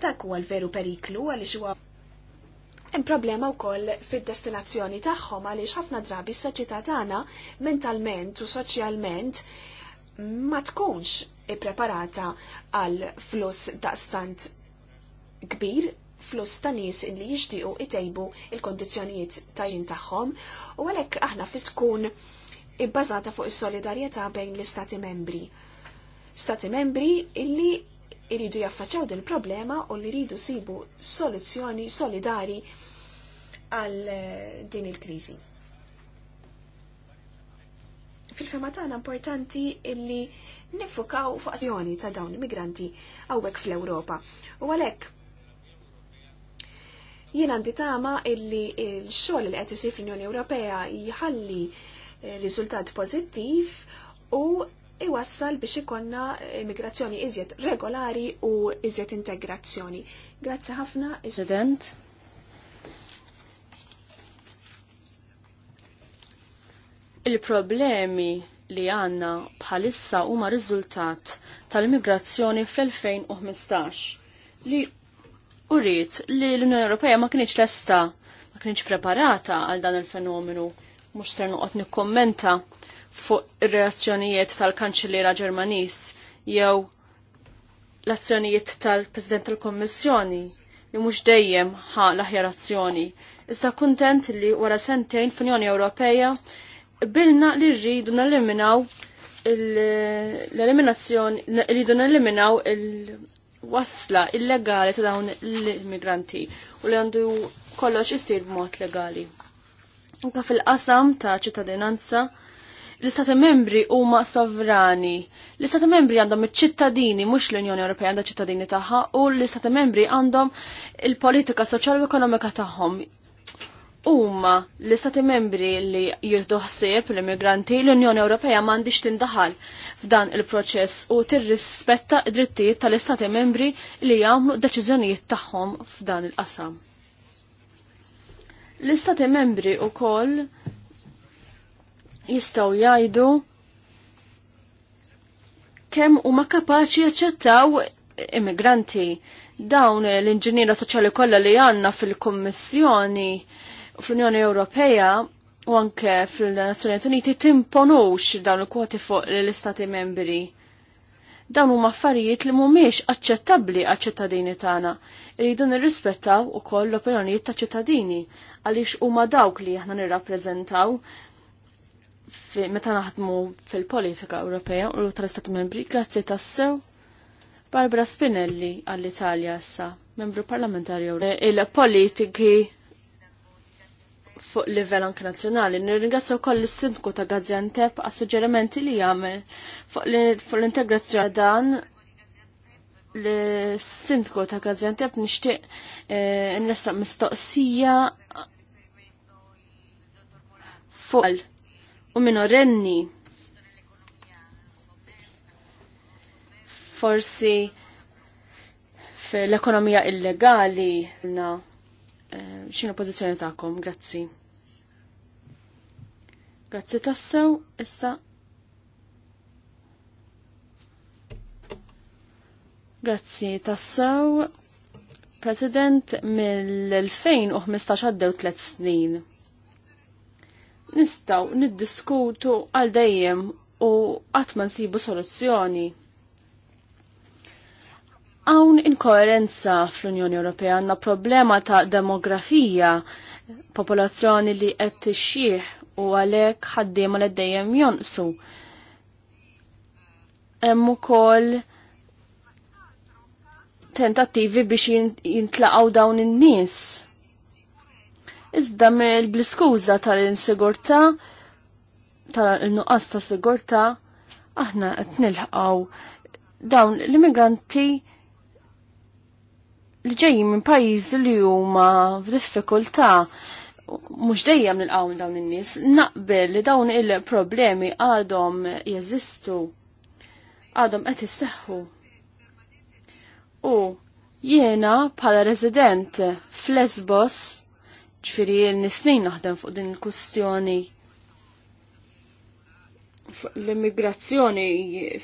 dak huwa l-veru periklu għaliex huwa hemm problema wkoll fid-destinazzjoni tagħhom għaliex ħafna drabi s-soċjetà tagħna mentalment u soċjalment ma tkunx ippreparata għal fluss daqstant kbir flus ta' nies illi jixtiequ itejbu il-kondizzjonijiet tajin tagħhom u għalhekk aħna fis tkun ibbażata fuq is-solidarjetà bejn l-istati membri. Stati membri illi iridu jaffaċċaw din il-problema u li jridu sibu soluzzjoni solidari għal eh, din il-kriżi. Fil-fema tagħna importanti illi niffukaw fuq azzjoni ta' dawn il-migranti hawnhekk fl-Ewropa. U għalhekk Jien għandi tama illi l-xogħol li qed isir fl-Unjoni Ewropea jħalli eh, riżultat pożittiv u iwassal biex ikonna immigrazzjoni iżjed regolari u iżjed integrazzjoni. Grazzi ħafna, President. Il-problemi li għanna bħalissa huma riżultat tal-immigrazzjoni fl-2015 li u li l-Unjoni Ewropea ma kienx lesta, ma kienx preparata għal dan il-fenomenu. Mux ser noqgħod nikkommenta fuq ir-reazzjonijiet tal kanċilliera Ġermanis jew l-azzjonijiet tal-President tal-Kommissjoni li mhux dejjem ħa l-aħjar azzjoni. Iżda kuntent li wara sentejn fl-Unjoni Ewropea bilna li rridu neliminaw l-eliminazzjoni, rridu neliminaw il- wasla illegali ta' dawn l-immigranti u li għandu kollox isir b'mod legali. Unka fil-qasam ta' ċittadinanza, l-Istati membri huma sovrani. L-Istati membri għandhom iċ-ċittadini, mhux l-Unjoni Ewropea għandha ċittadini tagħha, u l-Istati membri għandhom il-politika soċjal u ekonomika tagħhom huma l-istati membri li jieħdu ħsieb l-immigranti l-Unjoni Ewropea m'għandix tindaħal f'dan il-proċess u tirrispetta id drittijiet tal-istati membri li jagħmlu deċiżjonijiet tagħhom f'dan il-qasam. L-istati membri wkoll jistgħu jgħidu kemm huma kapaċi jaċċettaw immigranti dawn l-inġiniera soċjali kollha li għandna fil-Kummissjoni fl-Unjoni Ewropea u anke fil-Nazzjonijiet Uniti timponux dawn il-kwoti fuq l-Istati membri. Dawn huma affarijiet li mhumiex aċċettabbli għaċ-ċittadini tagħna. Iridu nirrispettaw ukoll l-opinjonijiet ta' ċittadini għaliex huma dawk li aħna nirrappreżentaw meta naħdmu fil-politika Ewropea u tal-Istati Membri grazzi tassew Barbara Spinelli għall-Italja issa, membru parlamentari Ewropea. Il-politiki fuq livell anke nazzjonali. Nirringrazzja wkoll is-Sindku ta' Gaziantep għas suġġerimenti li jagħmel fuq l-integrazzjoni dan l-Sindku ta' Gaziantep nixtieq eh, nrestaq mistoqsija fuq u orenni. forsi fl-ekonomija illegali na eh, xinu pozizjoni ta'kom, grazzi. Grazzi tassew, issa. Grazzi tassew. President mill-2015 għaddew tliet snin. Nistaw niddiskutu għal dejjem u qatt ma nsibu soluzzjoni. Hawn inkoerenza fl-Unjoni Ewropea għandna problema ta' demografija, popolazzjoni li qed tixxieħ u għalhekk ħaddiema li dejjem jonqsu. Hemm ukoll tentattivi biex jintlaqgħu dawn in-nies. Iżda bl-iskuża tal-insigurtà tal-nuqqas ta' sigurtà aħna qed nilħqgħu dawn l-immigranti li ġejjin minn pajjiżi li huma f'diffikultà mux dejjem nilqaw dawn in-nies, naqbel li dawn il-problemi għadhom jeżistu, għadhom qed isseħħu. U jiena bħala resident f'Lesbos, ġifiri n-snin naħdem fuq din il-kustjoni l-immigrazzjoni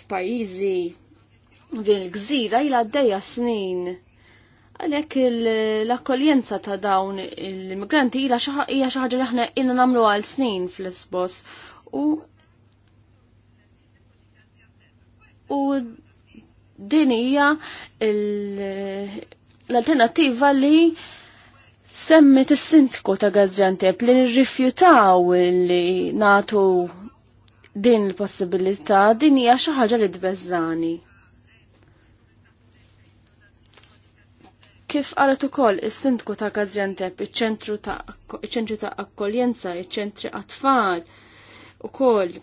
f'pajjiżi din il-gżira ila għaddejja snin Għalhekk l-akkoljenza ta' dawn il immigranti hija xi ħaġa li ħna inna nagħmlu għal snin fl-isbos u u din hija l-alternattiva li semmet il sindku ta' Gaziantep li nirrifjutaw li natu din il-possibilità din hija xi ħaġa li tbeżżani. Kif qalet ukoll is-sindku ta' Gaziantep, iċ-ċentru ta' akkoljenza, iċ-ċentri għat-tfal ukoll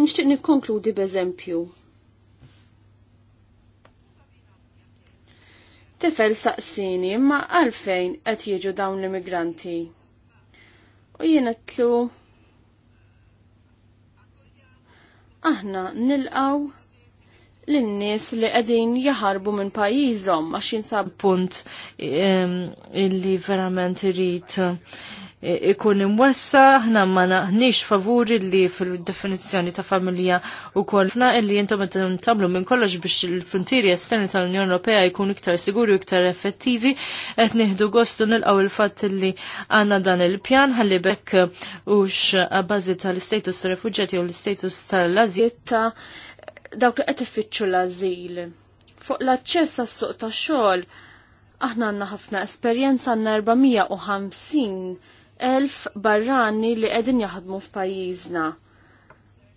Nixtieq nikkonkludi b'eżempju. Tifel saqsini imma għalfejn qed jiġu dawn l-immigranti. U jien qed aħna nilqaw l-nies li qegħdin jaħarbu minn pajjiżhom għax jinsab punt illi verament irid ikun imwessa, ħna ma naħniex favuri li fil-definizjoni ta' familja u kol ħna illi jentom tablu minn kollox biex il-frontieri esterni tal-Unjoni Ewropea jkun iktar siguri u iktar effettivi, qed nieħdu gostu nil-għaw il-fatt li għandna dan il-pjan għalli bekk ux għabazi tal-istatus tal refugġati u l-istatus tal-azjetta dawk li qed ifittxu l-azil. Fuq l-aċċess għas-suq ta' xogħol aħna għandna ħafna esperjenza għandna 450 elf barrani li qegħdin jaħdmu f'pajjiżna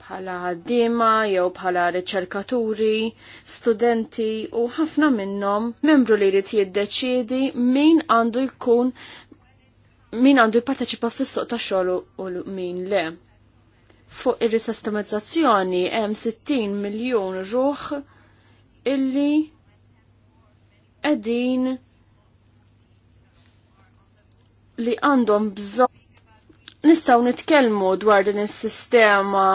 bħala ħaddiema jew bħala riċerkaturi, studenti u ħafna minnhom membru li jrid jiddeċiedi min għandu jkun min għandu jipparteċipa fis soq tax-xogħol u min le. Fuq ir-risistemizzazzjoni hemm 60 miljun ruħ illi qegħdin li għandhom bżonn nistaw nitkellmu dwar din is-sistema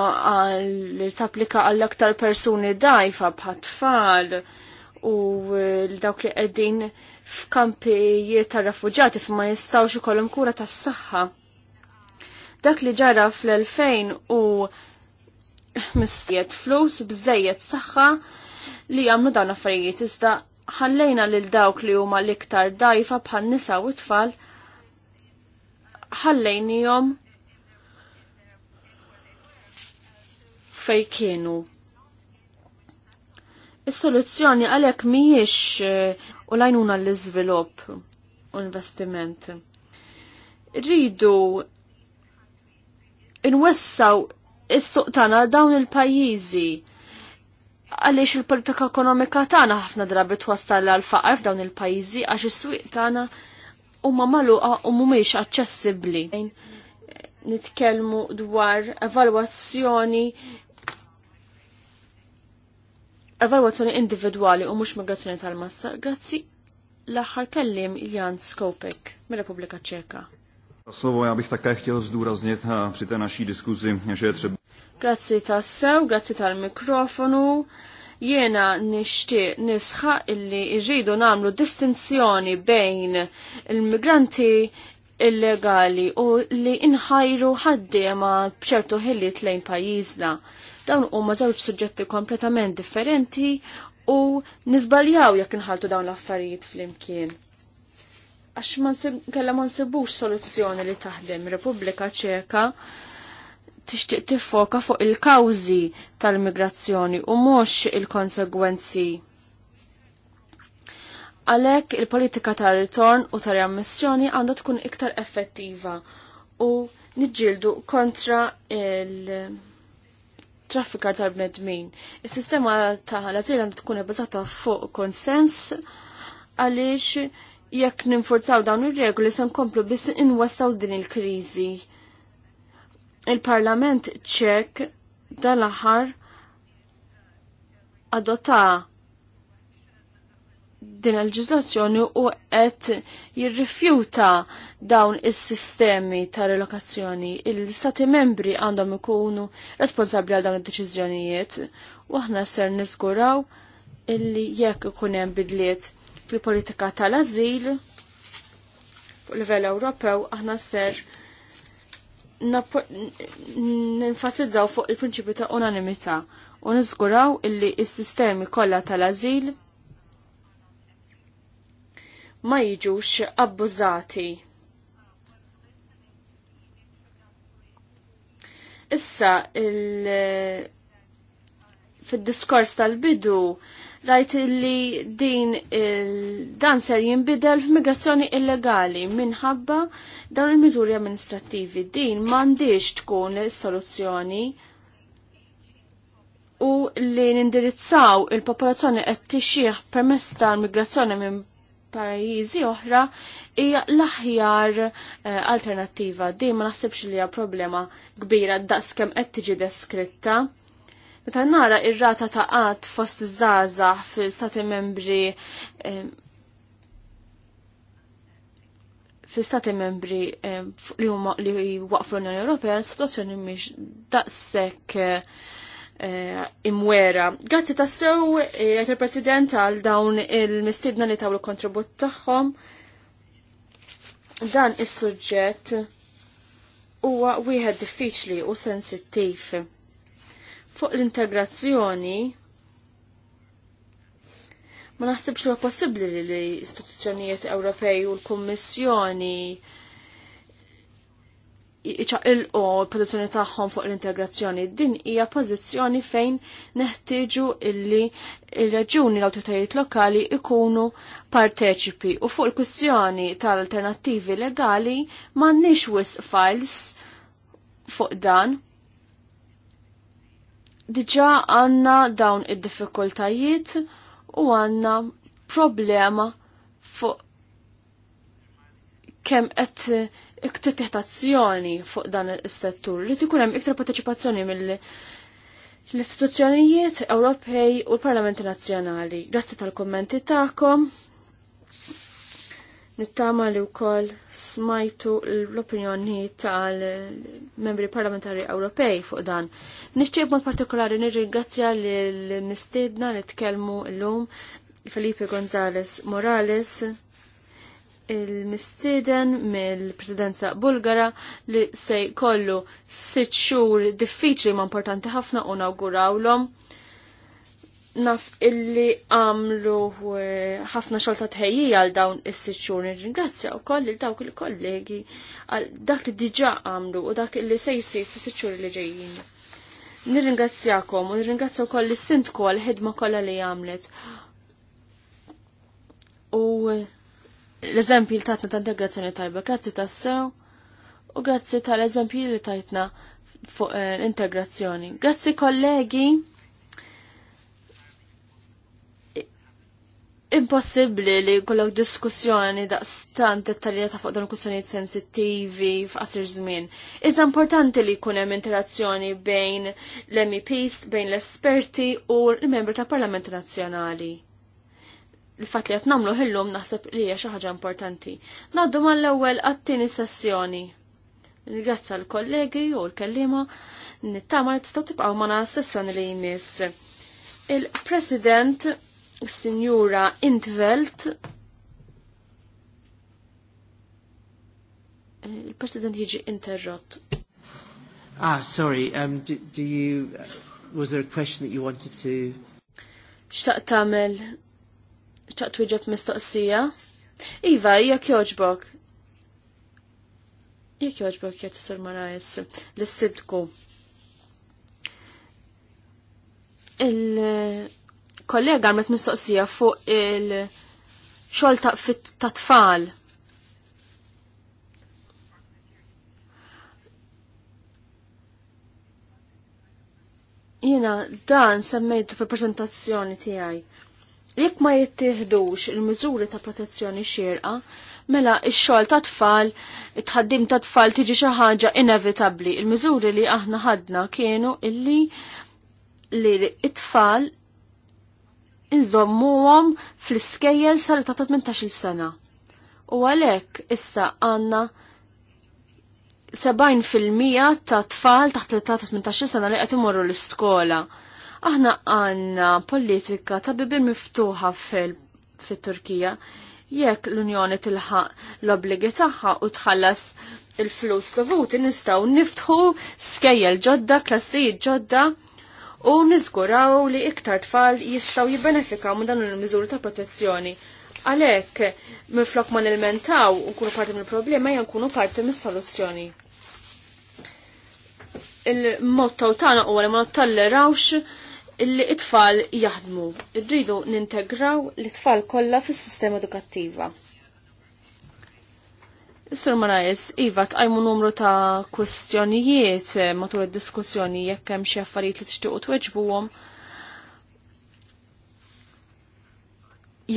li tapplika għall aktar persuni dajfa bħat-tfal u e, dawk li qegħdin f'kampijiet ta' refuġati f'ma jistgħux ikollhom kura tas-saħħa. Dak li ġara fl-2000 u mistiet flus bżejjed saħħa li għamlu dawn affarijiet iżda ħallejna lil dawk li huma l-iktar dajfa bħal nisa u tfal ħallejnijom fej kienu. Is-soluzzjoni għalhekk mhijiex eh, u lajnuna l-iżvilupp u investiment. Rridu inwessaw is-suq tagħna dawn il-pajjiżi għaliex il-politika ekonomika tagħna ħafna drabi twassal għal faqar f'dawn il-pajjiżi għax is-swieq tagħna huma magħluqa u mhumiex aċċessibbli. Nitkellmu dwar evalwazzjoni evalwazzjoni individwali u mhux migrazzjoni tal-massa. Grazzi l-aħħar kellim Jan Skopek mir-Repubblika Ċeka. Slovo, bih takaj htjel chtěl zdůraznit eh, při te naši diskuzi, že je třeba... Grazzi tassew, grazzi tal-mikrofonu. Jiena nixtieq nisħaq illi rridu nagħmlu distinzjoni bejn il-migranti illegali u li inħajru ħaddiema bċertu ħilliet lejn pajjiżna. Dawn huma żewġ suġġetti kompletament differenti u nizbaljaw jekk inħaltu dawn l-affarijiet flimkien. Għax ma nkella ma nsibux soluzzjoni li taħdem Repubblika Ċeka tixtieq tiffoka fuq il-kawżi tal-migrazzjoni u mhux il-konsegwenzi. Għalhekk il-politika tar-ritorn u tal-ammissjoni għandha tkun iktar effettiva u niġġieldu kontra il- traffikar tal-bnedmin. Is-sistema tal-azil għandha tkun ibbażata fuq konsens għaliex jekk ninforzaw dawn ir-regoli se nkomplu biss inwassaw din il-kriżi Il-Parlament ċek dal-aħħar adotta din il-ġizlazzjoni u qed jirrifjuta dawn is-sistemi ta' relokazzjoni. Il-Stati membri għandhom ikunu responsabbli għal dawn id-deċiżjonijiet u aħna ser niżguraw illi jekk ikun hemm bidliet fil-politika tal-azil fuq livell Ewropew aħna ser ninfasizzaw fuq il-prinċipju ta' unanimità u niżguraw illi s-sistemi kollha tal-azil ma jiġux abbużati. Issa il fid-diskors tal-bidu rajt li din dan ser jinbidel f'migrazzjoni illegali minħabba dawn il-miżuri amministrattivi. Din m'għandix tkun soluzzjoni u li nindirizzaw il-popolazzjoni qed tixjih permess tal-migrazzjoni minn pajjiżi oħra hija l-aħjar eh, alternattiva. Din ma naħsibx li hija problema kbira daqskemm qed tiġi deskritta Meta nara ir-rata ta' qatt fost iż-żgħażagħ fil-Stati Membri fil-Stati Membri li huma li waqfu l-Unjoni Ewropea l-sitwazzjoni mhix daqshekk eh, imwera. Grazzi tassew qed eh, il-President għal dawn il-mistidna li taw il-kontribut tagħhom. Dan is-suġġett huwa wieħed diffiċli u sensittiv Fuq l-integrazzjoni, ma naħsibx li possibbli li l-istituzzjonijiet Ewropej u l-Kummissjoni iċaqilqu l-pozizjoni tagħhom fuq l-integrazzjoni. Din hija pożizzjoni fejn neħtieġu illi il-reġuni l-awtoritajiet lokali ikunu parteċipi u fuq il-kwistjoni tal-alternattivi legali m'għandniex wisq files fuq dan diġa għanna dawn id-diffikultajiet u għanna problema fuq kem qed iktar teħtazzjoni fuq dan is-settur li tkun hemm iktar partecipazzjoni mill l-istituzzjonijiet Ewropej u l-Parlamenti Nazzjonali. Grazzi tal-kommenti tagħkom. Nittama li wkoll smajtu l-opinjoni tal membri parlamentari Ewropej fuq dan. Nixtieq mod partikolari nirringrazzja lil mistiedna li tkellmu llum Felipe Gonzales Morales il mistiden mill-presidenza Bulgara li se jkollu sitt xhur diffiċli ma importanti ħafna u nawgurawlhom naf illi għamlu eh, ħafna xolta tħejji għal dawn is sitxuni nirringrazzja u koll il dawk il-kollegi għal dak li diġa għamlu u dak illi se jisir fis-sitxur li ġejjin. Nirringrazzjakom u nirringrazzja u koll is-sindku għal ħidma kollha li għamlet. U eh, l-eżempji li tatna ta' integrazzjoni tajba, grazzi tas-sew u grazzi tal-eżempji li tajtna fuq eh, integrazzjoni Grazzi kollegi! impossibbli li kollok diskussjoni daqstan dettaljata fuq dawn kwistjonijiet sensittivi f'qasir żmien. Iżda importanti li jkun hemm interazzjoni bejn l-MEPs, bejn l-esperti u l-membri tal-Parlament Nazzjonali. Il-fatt li qed nagħmlu ħillum naħseb li hija xi ħaġa importanti. Ngħaddu mal-ewwel għat-tieni sessjoni. Ringrazza l-kollegi u l-kellima nittama li tistgħu tibqgħu ma' sessjoni li jmiss. Il-President Signora Intveld. Eh, il-President jiġi interrott. Ah, sorry, um, do, do you, uh, was there a question that you wanted to? Xtaq tamel, xtaq twiġab mistoqsija? Iva, jek joġbok. Jek joġbok jek tisar marajs, l-istibtku. Il- kollega għamet mistoqsija fuq il-xol ta' ta' tfal. Jena, dan semmejtu fil-presentazzjoni tiegħi. Jekk ma jittieħdux il-miżuri ta' protezzjoni xirqa, mela x-xogħol ta' tfal, it-ħaddim ta' tfal tiġi xi ħaġa inevitabbli. Il-miżuri li aħna ħadna kienu illi li it-tfal inżommuhom fl-iskejjel sal ta' 18 sena. U għalhekk issa għandna 70% ta' tfal taħt l 18 sena li qed imorru l-iskola. Aħna għandna politika ta' bibir miftuħa fil-Turkija jekk l-Unjoni tilħaq l-obligi tagħha u tħallas il-flus dovuti nistgħu niftħu skejjel ġodda, klassijiet ġodda u niżguraw li iktar tfal jistgħu jibbenefikaw minn dan il-miżuri ta' protezzjoni. Għalhekk minflok ma nilmentaw u kunu parti mill-problema jew nkunu parti mis-soluzzjoni. Il-motto tagħna huwa li ma nottallerawx li it-tfal jaħdmu. Irridu nintegraw l-tfal kollha fis-sistema edukattiva. Sur Marajs, Iva, tqajmu numru ta' kwestjonijiet eh, matul id-diskussjoni jekk hemm xi affarijiet li tixtiequ tweġbuhom.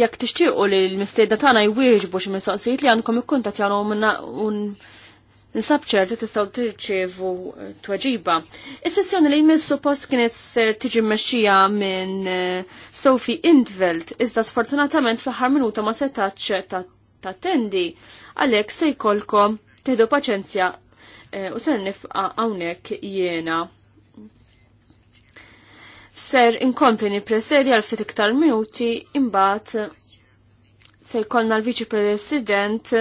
Jekk tixtiequ li l-mistejda tagħna jwieġbu xi mistoqsijiet li għandkom ikkuntattjawhom un nsab ċert li tistgħu tirċievu eh, tweġiba. Is-sessjoni li jmiss suppost kienet ser tiġi mmexxija minn eh, Sophie Indveld, iżda sfortunatament fl-aħħar minuta ma setax ta' tattendi. Għalhekk se jkollkom teħdu paċenzja eh, u ser nifqa' hawnhekk jiena. Ser inkompli nippresedi għal ftit iktar minuti imbagħad se jkollna l-Viċi President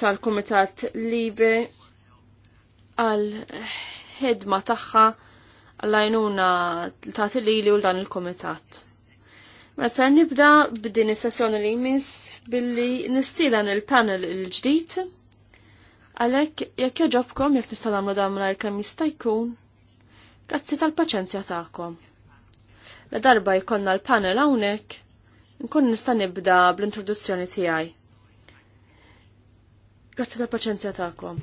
tal-Kumitat Libe għal ħedma tagħha għal-għajnuna ta' li u dan il-Kumitat. Ma sar nibda b'din is-sessjoni li jmiss billi nistilan il-panel il-ġdid. Għalhekk jekk joġobkom jekk nista' nagħmlu dan mingħajr kemm jista' jkun, grazzi tal-paċenzja tagħkom. La darba jkollna l-panel hawnhekk, nkun nista' nibda bl-introduzzjoni tiegħi. Grazzi tal-paċenzja tagħkom.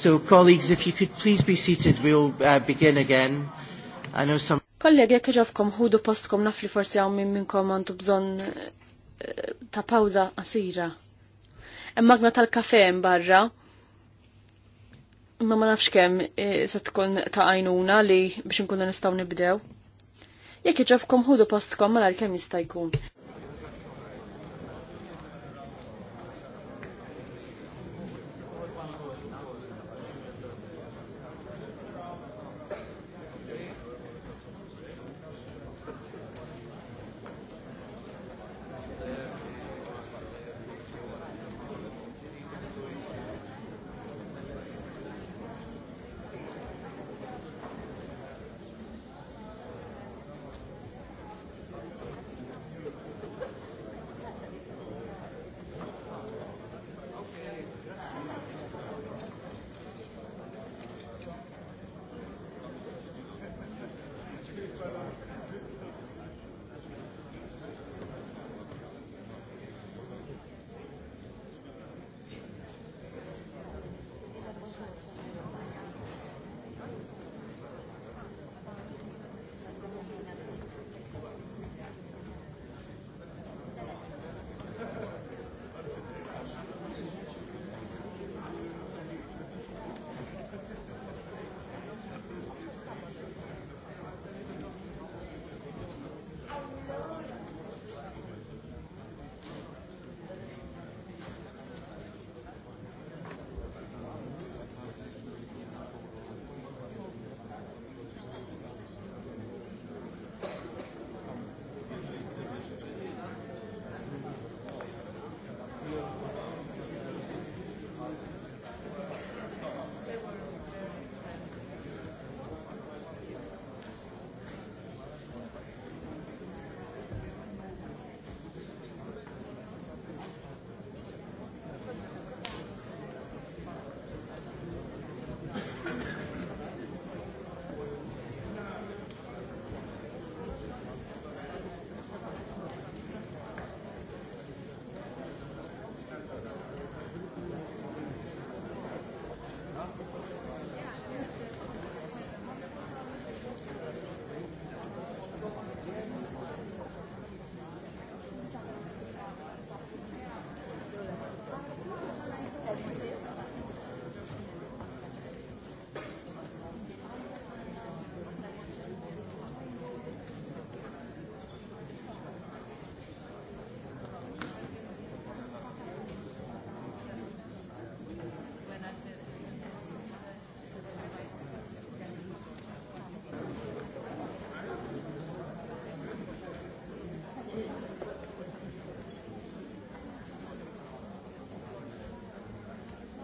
So, colleagues, if you could please be seated, we'll uh, begin again. I know some... Kollegi, jekk ġafkom ħudu postkom nafli forsi għaw minn minnkom għandu bżon eh, ta' pawza qasira. Emmagna magna tal-kafe barra. Ma ma nafx kemm eh, se tkun ta' għajnuna li biex nkunu nistgħu nibdew. Jekk ġafkom ħudu postkom mal kemm jista' jkun.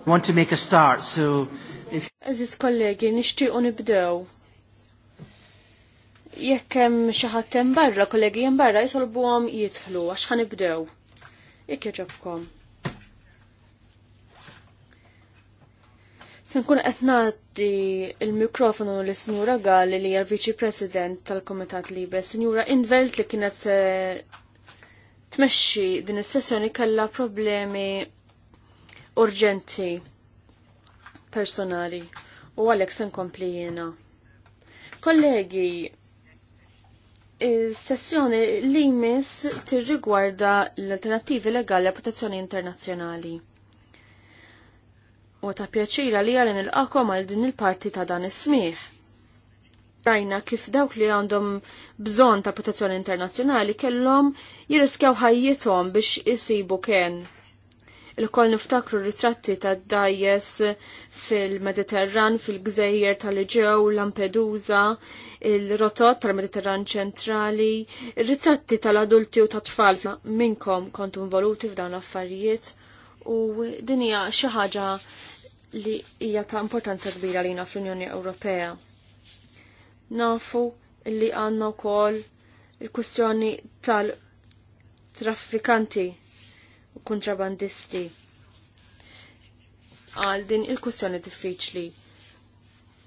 want to make a start, so if... Aziz kollegi, nishti nibdew. Jekk hemm xi ħadd barra, kollegi hemm barra jisolbuhom jidħlu għax ħanibdew. Jekk jaġobkom. Se nkun qed ngħaddi l-mikrofonu lis sinjura Galli li hija Vici viċi President tal-Kumitat Libe, Sinjura Invelt li kienet se tmexxi din is-sessjoni kellha problemi urġenti personali u għalek sen komplijena. Kollegi, sessjoni li jmiss tirrigwarda l-alternativi legali għal protezzjoni internazzjonali. U ta' pjaċira li għalin il-qakom għal din il-parti ta' dan is Rajna kif dawk li għandhom bżon ta' protezzjoni internazzjonali kellhom jiriskjaw ħajjithom biex isibu kien il-koll niftakru ritratti ta' dajes fil-Mediterran, fil-Gżejjer tal-Ġew, Lampedusa, il-rotot tal-Mediterran ċentrali, ritratti tal-adulti u tat-tfal minnkom kontu involuti f'dawn l-affarijiet u dinja xi ħaġa li hija ta' importanza kbira lina fl-Unjoni Ewropea. Nafu li għandna wkoll il-kwistjoni tal-traffikanti kontrabandisti għal din il-kussjoni diffiċli.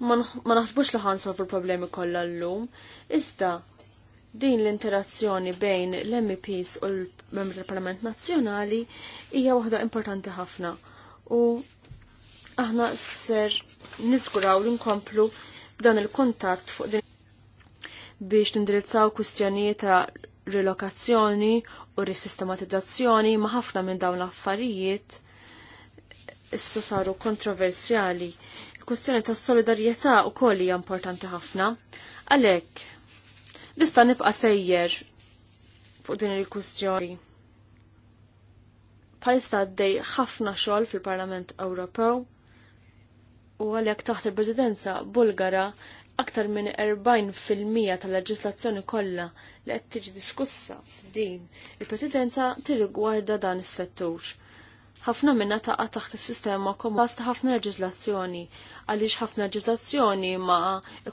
Ma naħsbux li ħansolvu l-problemi kollha llum, iżda din l-interazzjoni bejn l-MEPs u l-Membri tal-Parlament Nazzjonali hija waħda importanti ħafna u aħna ser niżguraw li nkomplu dan il-kuntatt fuq din biex nindirizzaw kwistjonijiet ta' relokazzjoni u r-sistematizzazzjoni ma' ħafna minn dawn l-affarijiet issa saru kontroversjali. Il-kwestjoni ta' solidarjetà u koll hija importanti ħafna. Għalhekk, nista' nibqa' sejjer fuq din il-kwestjoni. Palista għaddej ħafna xogħol fil-Parlament Ewropew u għalhekk taħt il-Presidenza Bulgara aktar minn 40% tal-leġislazzjoni kollha li qed tiġi diskussa f'din il-Presidenza tirrigwarda dan is-settur. Ħafna minna taqa taħt is-sistema komunas ta' ħafna leġislazzjoni għaliex ħafna leġislazzjoni ma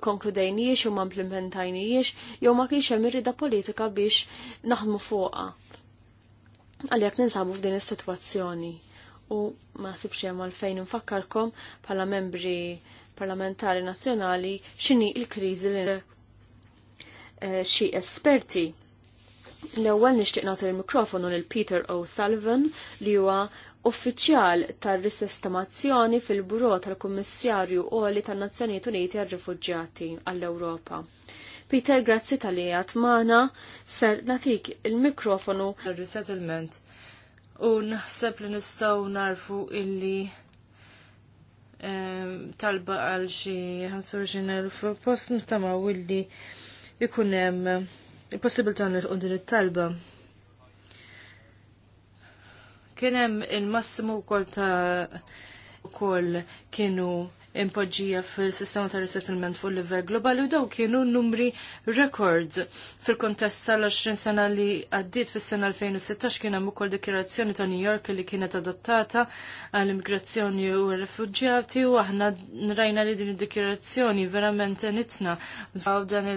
ikkonkludejniex u ma implementajniex jew ma kienx hemm irrida politika biex naħdmu fuqha. Għalhekk ninsabu f'din is-sitwazzjoni u ma sibx hemm għalfejn infakkarkom bħala membri parlamentari nazzjonali x'inhi l-kriżi li eh, xi esperti. L-ewwel nixtieq nagħti l-mikrofonu lil Peter O'Sullivan li huwa uffiċjal tar-risistemazzjoni fil-Buro tal-Kummissarju Oli tan-Nazzjonijiet Uniti għar-Rifuġġjati għall-Ewropa. Peter, grazzi tal Mana għatmana, ser natik il-mikrofonu. Resettlement. U naħseb li nistaw narfu illi talba għal xi 25,000 post nittamaw illi ikun hemm eh, possibil ta' nilqu din it-talba. Kien hemm il-massimu wkoll ta' kol kienu impoġġija fil-sistema ta' resettlement fuq livell globali u daw kienu numri rekord fil-kontest tal-20 sena li għaddiet fis-sena 2016 kien hemm ukoll dikjerazzjoni ta' New York li kienet adottata għall-immigrazzjoni u r-refuġjati u aħna nrajna li din id-dikjerazzjoni verament nitna f'dan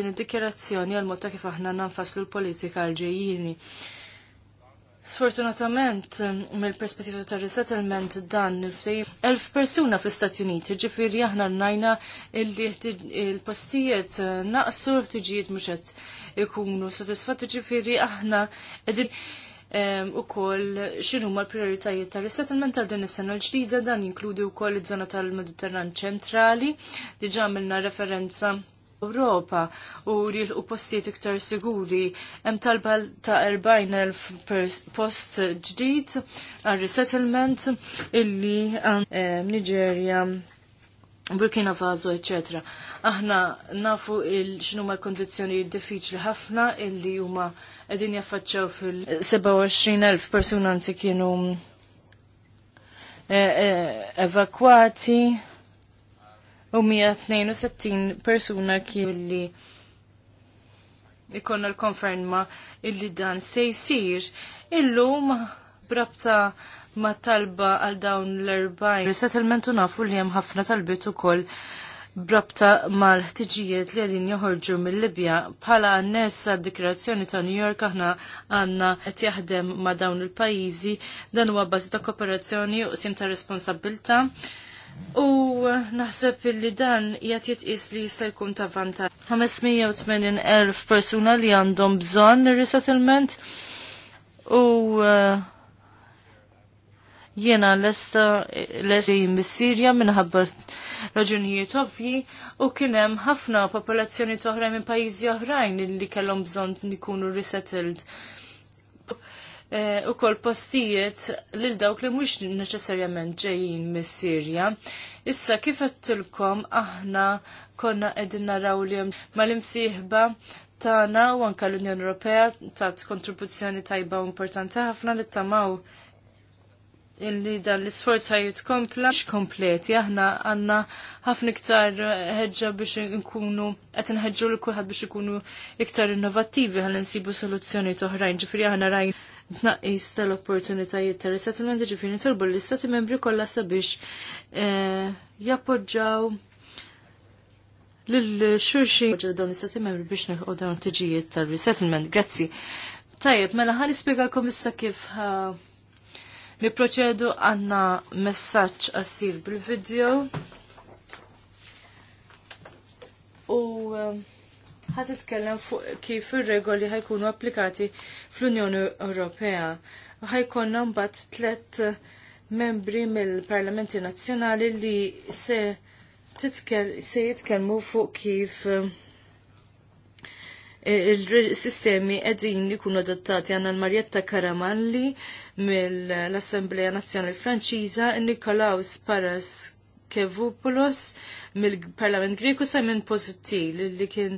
din id-dikjerazzjoni għal-mod ta' kif aħna nanfaslu l-politika għal-ġejjini. Sfortunatament, mill-perspettiva ta' resettlement dan il elf persuna fl-Istati Uniti, ġifiri aħna rnajna il-postijiet eh, naqsu l-ħtiġijiet muxet ikunu sodisfatti ġifiri aħna edin eh, u koll xinu ma l-prioritajiet ta' resettlement tal din is-sena l-ġdida dan jinkludi u koll iż-żona tal-Mediterran ċentrali, diġa għamilna referenza Ewropa u u postijiet iktar siguri. Hemm talba ta' 40,000 post ġdid għal resettlement illi għan eh, Nigeria Burkina Faso, etc. Aħna nafu il-xinu ma' kondizjoni diffiċli ħafna illi huma qegħdin jaffaċċaw fil-27,000 eh, persuna anzi kienu eh, evakwati u 162 persuna kienu li ikonna l-konferma illi dan se jisir illum brabta ma talba għal dawn l erbajn il-settlement u nafu li hemm ħafna talbiet ukoll brabta mal-ħtiġijiet li għedin joħorġu mill-Libja bħala nessa dikrazzjoni ta' New York aħna għanna qed jaħdem ma' dawn il-pajjiżi dan huwa bażi ta' kooperazzjoni u sim ta' responsabilta' U naħseb illi dan jgħat jitqis li jista' jkun ta' vantaġġ. 580,000 persuna li għandhom bżonn ir-resettlement u uh, jiena lesta lesta mis-Sirja minħabba raġunijiet ovvji u kien hemm ħafna popolazzjoni toħra minn pajjiżi oħrajn li kellhom bżonn ikunu resettled Eh, u kol postijiet lil dawk li mux neċessarjament ġejjin mis sirja Issa kif għattilkom aħna konna edin naraw li ma l-imsiħba tana u anka l-Unjon Ewropea tat kontribuzzjoni tajba u importanti ħafna li tamaw illi dan l-isforz ħajut kompla kompleti aħna għanna ħafna iktar ħedġa biex nkunu qed ħedġu l kulħadd biex ikunu iktar innovattivi ħalli nsibu soluzzjoni toħrajn ġifri aħna rajn tnaqqis tal-opportunitajiet ta' resettlement ġifiri nitolbu l-istati membri kollha sabiex eh, jappoġġaw l-xurxin dawn l-istati membri biex neħu dawn tiġijiet tal-resettlement. Grazzi. Tajib, mela ħan ispjegalkom issa kif eh, proċedu għanna messaċ għassir bil-video u eh, ħat titkellem fuq kif ir-regoli ħajkunu applikati fl-Unjoni Ewropea. Ħajkonna mbagħad tliet membri mill-Parlamenti Nazzjonali li se titkel se jitkellmu fuq kif eh, il-sistemi edin jikunu adattati għanna l-Marietta Karamalli mill-Assembleja Nazjonali Franċiża, Nikolaus Paras Kevupulos mill-Parlament Greku Simon Pozitti li kien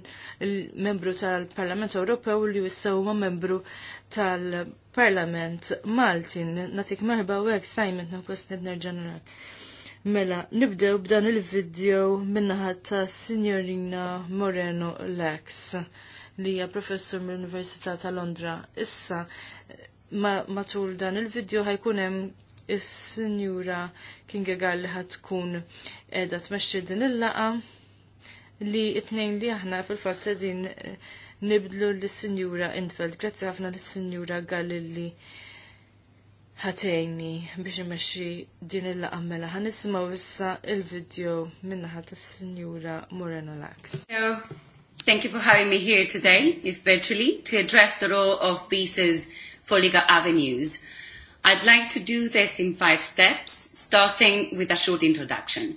membru tal-Parlament Ewropew li jissew membru tal-Parlament Malti. Natik merba u għek Simon nidner Ġeneral. Mela, nibdew b'dan il-video minnaħat ta' Signorina Moreno Lex li hija professur mill-Università ta' Londra. Issa, matul dan il-video ħajkun hemm is-Sinjura Kingegar li ħatkun edha tmexxi din il-laqa li it-tnejn li aħna fil-fatt din eh, nibdlu lis-Sinjura Intfeld. Grazzi ħafna l sinjura Galilli ħatejni biex imexxi din il-laqa mela ħanismaw issa il-video minnaħa tas-Sinjura Moreno Lax. Thank you for having me here today, if virtually, to address the role of visas for legal avenues. I'd like to do this in five steps, starting with a short introduction.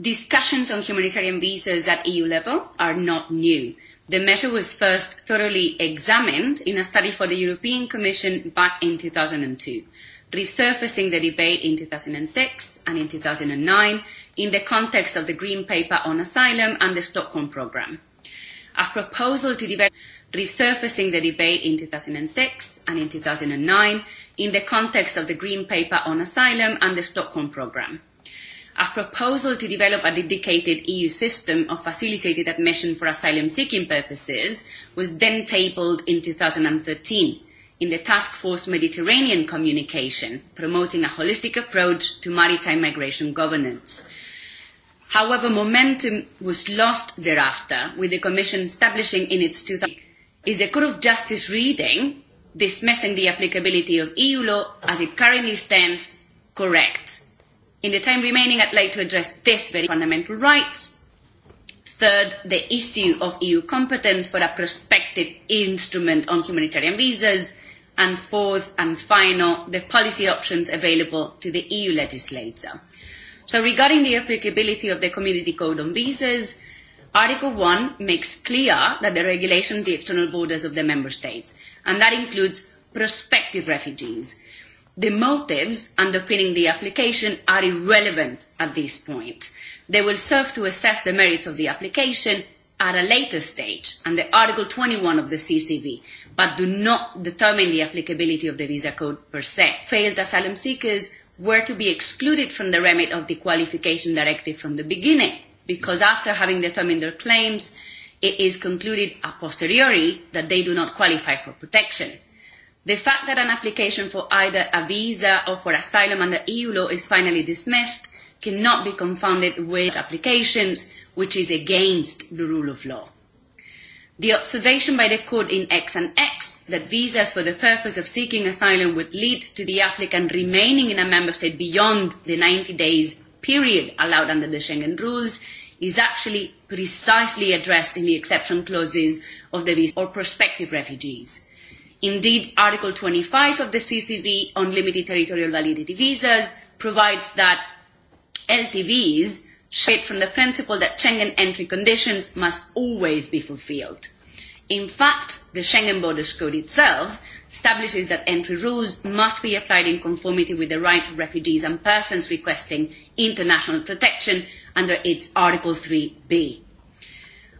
Discussions on humanitarian visas at EU level are not new. The measure was first thoroughly examined in a study for the European Commission back in 2002, resurfacing the debate in 2006 and in 2009 in the context of the Green Paper on Asylum and the Stockholm Programme. A proposal to develop resurfacing the debate in 2006 and in 2009 in the context of the Green Paper on Asylum and the Stockholm Programme. A proposal to develop a dedicated EU system of facilitated admission for asylum seeking purposes was then tabled in 2013 in the Task Force Mediterranean communication promoting a holistic approach to maritime migration governance. However, momentum was lost thereafter with the Commission establishing in its 2000 is the Court of Justice reading dismissing the applicability of EU law as it currently stands correct. In the time remaining, I'd like to address this very fundamental rights. Third, the issue of EU competence for a prospective instrument on humanitarian visas. And fourth and final, the policy options available to the EU legislator. So regarding the applicability of the Community Code on Visas, Article 1 makes clear that the regulations the external borders of the member states and that includes prospective refugees. The motives underpinning the application are irrelevant at this point. They will serve to assess the merits of the application at a later stage under Article 21 of the CCV, but do not determine the applicability of the visa code per se. Failed asylum seekers were to be excluded from the remit of the qualification directive from the beginning, because after having determined their claims, it is concluded a posteriori that they do not qualify for protection. The fact that an application for either a visa or for asylum under EU law is finally dismissed cannot be confounded with applications which is against the rule of law. The observation by the court in X and X that visas for the purpose of seeking asylum would lead to the applicant remaining in a member state beyond the 90 days period allowed under the Schengen rules is actually precisely addressed in the exception clauses of the visa or prospective refugees. Indeed, Article 25 of the CCV on limited territorial validity visas provides that LTVs shape from the principle that Schengen entry conditions must always be fulfilled. In fact, the Schengen Borders Code itself establishes that entry rules must be applied in conformity with the rights of refugees and persons requesting international protection under its Article 3b.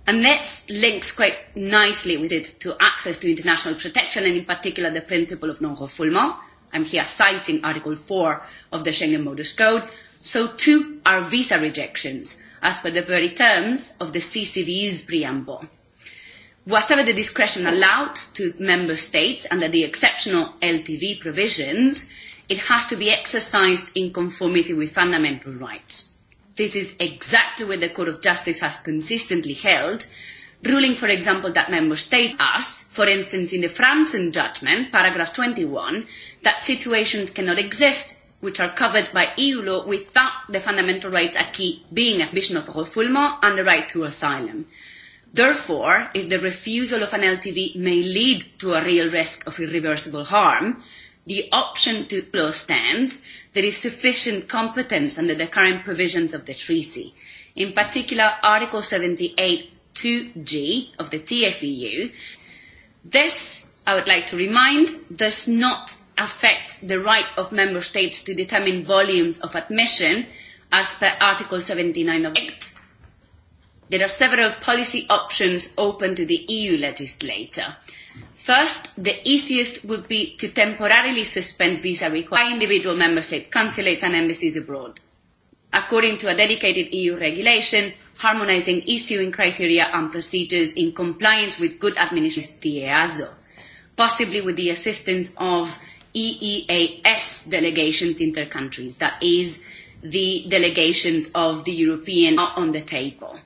And this links quite nicely with it to access to international protection and in particular the principle of non-refoulement. I'm here citing Article 4 of the Schengen Modus Code. So two are visa rejections as per the very terms of the CCV's preamble. Whatever the discretion allowed to member states under the exceptional LTV provisions, it has to be exercised in conformity with fundamental rights. This is exactly where the Court of Justice has consistently held, ruling, for example, that member states us, for instance, in the Franzen judgment, paragraph 21, that situations cannot exist which are covered by EU law without the fundamental rights acquis being a vision of refoulement and the right to asylum. Therefore, if the refusal of an LTV may lead to a real risk of irreversible harm, the option to law stands there is sufficient competence under the current provisions of the treaty. In particular, Article 78 2G of the TFEU. This, I would like to remind, does not affect the right of member states to determine volumes of admission as per Article 79 of the There are several policy options open to the EU legislator. First, the easiest would be to temporarily suspend visa requirements by individual member state consulates and embassies abroad. According to a dedicated EU regulation, harmonizing issuing criteria and procedures in compliance with good administration the EASO, possibly with the assistance of EEAS delegations in their countries, that is, the delegations of the European on the table.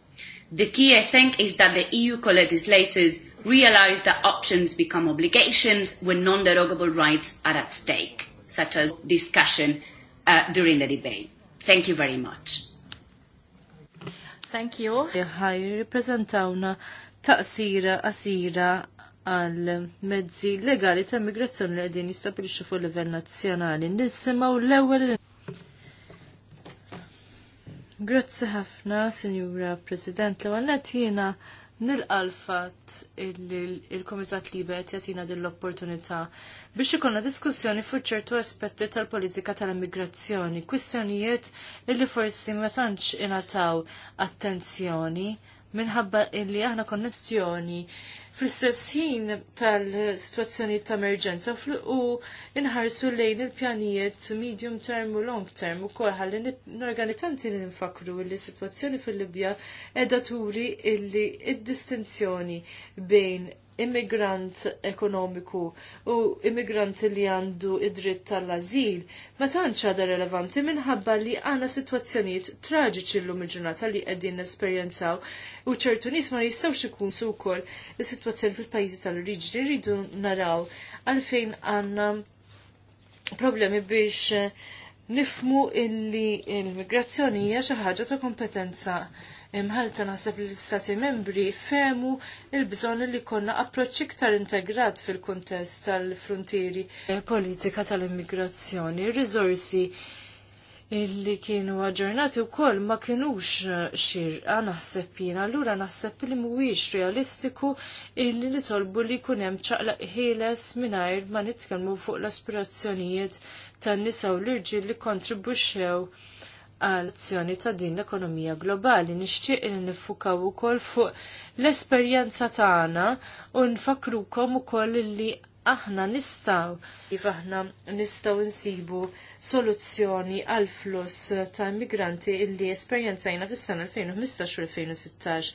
The key, I think, is that the EU co-legislators realize that options become obligations when non-derogable rights are at stake, such as discussion uh, during the debate. Thank you very much. Thank you. Hi, reprezentawna taqsira asira għal mezzi legali ta' migrazzjoni li qegħdin jistabilixxu fuq livell nazzjonali. Nisimaw l-ewwel Grazzi ħafna, Sinjura President, l-ewwel nil-għalfat il-Komitat Libet jatina dill-opportunità biex ikonna diskussjoni fuq ċertu aspetti tal-politika tal-immigrazzjoni, kwistjonijiet illi forsi ma tantx ingħataw attenzjoni minħabba illi aħna konnessjoni fl-istess ħin tal-situazzjoni ta' emerġenza u inħarsu lejn il-pjanijiet medium term u long term u kolħalli n-organizzanti ninfakru li situazzjoni fil-Libja edaturi turi illi id-distinzjoni bejn immigrant ekonomiku u immigrant li għandu id-dritt tal-azil, ma tantx għadha relevanti minħabba li għana sitwazzjonijiet traġiċi llum il-ġurnata li qegħdin nesperjenzaw u ċertu nies ma jistgħux su wkoll is-sitwazzjoni fil-pajjiżi tal-oriġini rridu naraw għalfejn għandna problemi biex nifmu illi l-migrazzjoni hija xi ħaġa ta' kompetenza imħalta naħseb li l-Istati membri femu il-bżon li konna approċċ iktar integrat fil-kontest tal-frontieri. Eh, politika tal-immigrazzjoni, rizorsi illi kienu aġġornati u koll ma kienux eh, xirqa naħseb jina, allura naħseb li mhuwiex realistiku illi li tolbu li jkun hemm ċaqlaq ħieles mingħajr ma nitkellmu fuq l-aspirazzjonijiet tan-nisa u l-irġiel li kontribwixxew azzjoni ta' din l-ekonomija globali. Nixtieq li nifukaw ukoll fuq l-esperjenza tagħna u nfakrukom ukoll li aħna nistaw kif aħna nistaw insibu soluzzjoni għal flus ta' immigranti illi esperjenzajna fis-sena 2015 u 2016.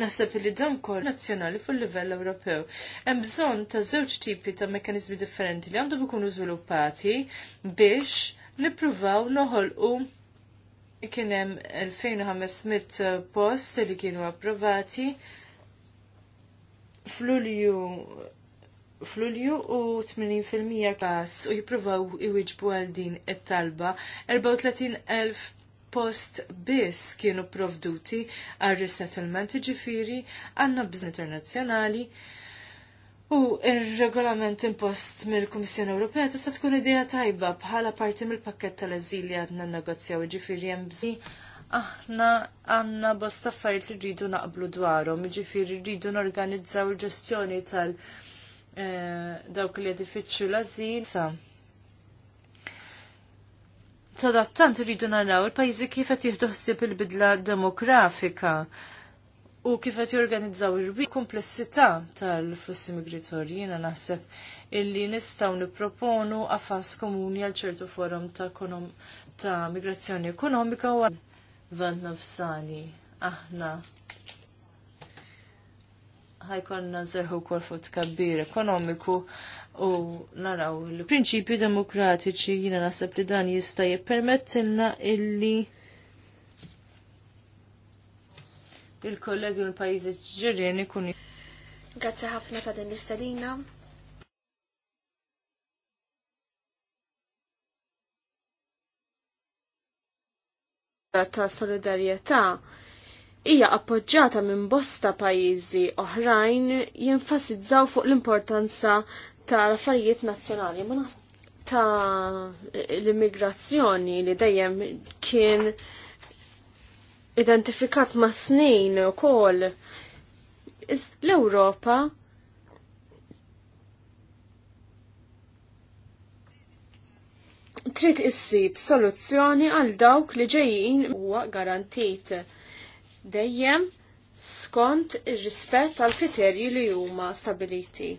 Naħseb li dan kol nazzjonali fuq livell Ewropew. Hemm bżonn ta' żewġ tipi ta' mekkaniżmi differenti li għandhom ikunu żviluppati biex nippruvaw noħolqu kien hemm 2500 post li kienu approvati f'Lulju f'Lulju u 80% kas u jippruvaw iwiġbu għal din it-talba 34,000 post biss kienu provduti għal resettlement ġifiri għanna bżon internazzjonali U il-regolament impost mill-Kummissjoni Ewropea tista' tkun idea tajba bħala parti mill-pakket tal-eżil li għadna negozjaw ġifieri hemm aħna għandna bosta affarijiet li rridu naqblu dwarhom, jiġifieri rridu norganizzaw il-ġestjoni tal- eh, dawk li qed l-azil. Tadattant rridu naraw il-pajjiżi kif qed jieħdu ħsieb il-bidla demografika u kif qed jorganizzaw ir-wi komplessità tal-flussi migratorji jiena naħseb illi nistgħu nipproponu għafas komuni għal ċertu forum ta' konom, ta' migrazzjoni ekonomika u vant nafsani aħna ħajkonna zerħu kol fut kabbir ekonomiku u naraw l-prinċipju demokratiċi jiena naħseb li dan jista' jippermettilna illi il-kollegi mill l-pajjiżi ġirien ikun. Grazzi ħafna ta' din l-istadina. ta' solidarjetà hija appoġġjata minn bosta pajjiżi oħrajn jenfasizzaw fuq l-importanza ta' affarijiet nazzjonali ta' l-immigrazzjoni li dejjem kien identifikat ma' snin u kol. L-Europa trid issib soluzzjoni għal dawk li ġejjin huwa garantit dejjem skont ir-rispett għal kriterji li huma stabiliti.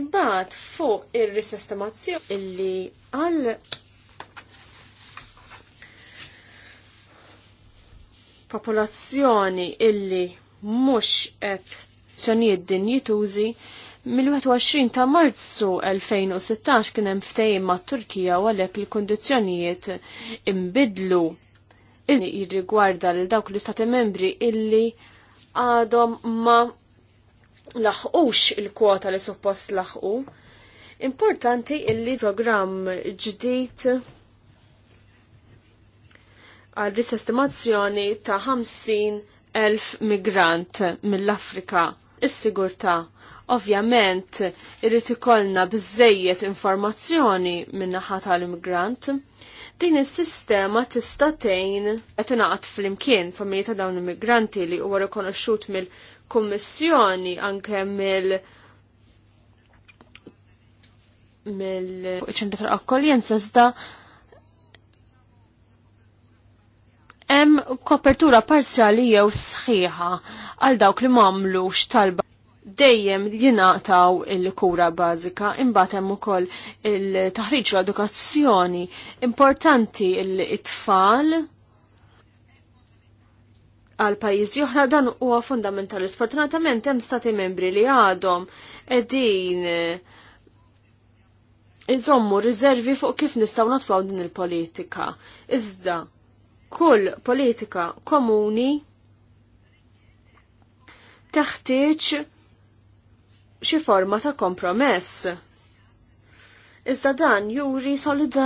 Imbagħad fuq ir risestimazzjoni illi għal popolazzjoni illi mhux qed ċanijiet din jitużi mill-21 ta' Marzu 2016 kien hemm ftehim ma Turkija u għalhekk il-kundizzjonijiet imbidlu iżni jirrigwarda lil dawk l-istati membri illi għadhom ma laħqux il-kwota li suppost laħqu. Importanti illi programm ġdid għal risestimazzjoni ta' 50.000 migrant mill-Afrika. Is-sigurta ovvjament irrid ikollna biżejjed informazzjoni min-naħa tal-immigrant. Din is-sistema tista' tgħin qed ingħaqad flimkien familji ta' dawn immigranti li huwa rikonoxxut mill-Kummissjoni anke mill- mill-ċentru tal-akkoljenza iżda hemm kopertura parzjali jew sħiħa għal dawk li m'għamlux talba dejjem jingħataw il-kura bażika imbagħad hemm ukoll il-taħriġ u edukazzjoni importanti l-itfal għal pajjiżi oħra dan huwa fundamentali. Sfortunatament hemm stati membri li għadhom qegħdin iżommu riservi fuq kif nistgħu natwaw din il-politika. Iżda, kull politika komuni teħtieġ xi forma ta' kompromess. Iżda dan juri solidar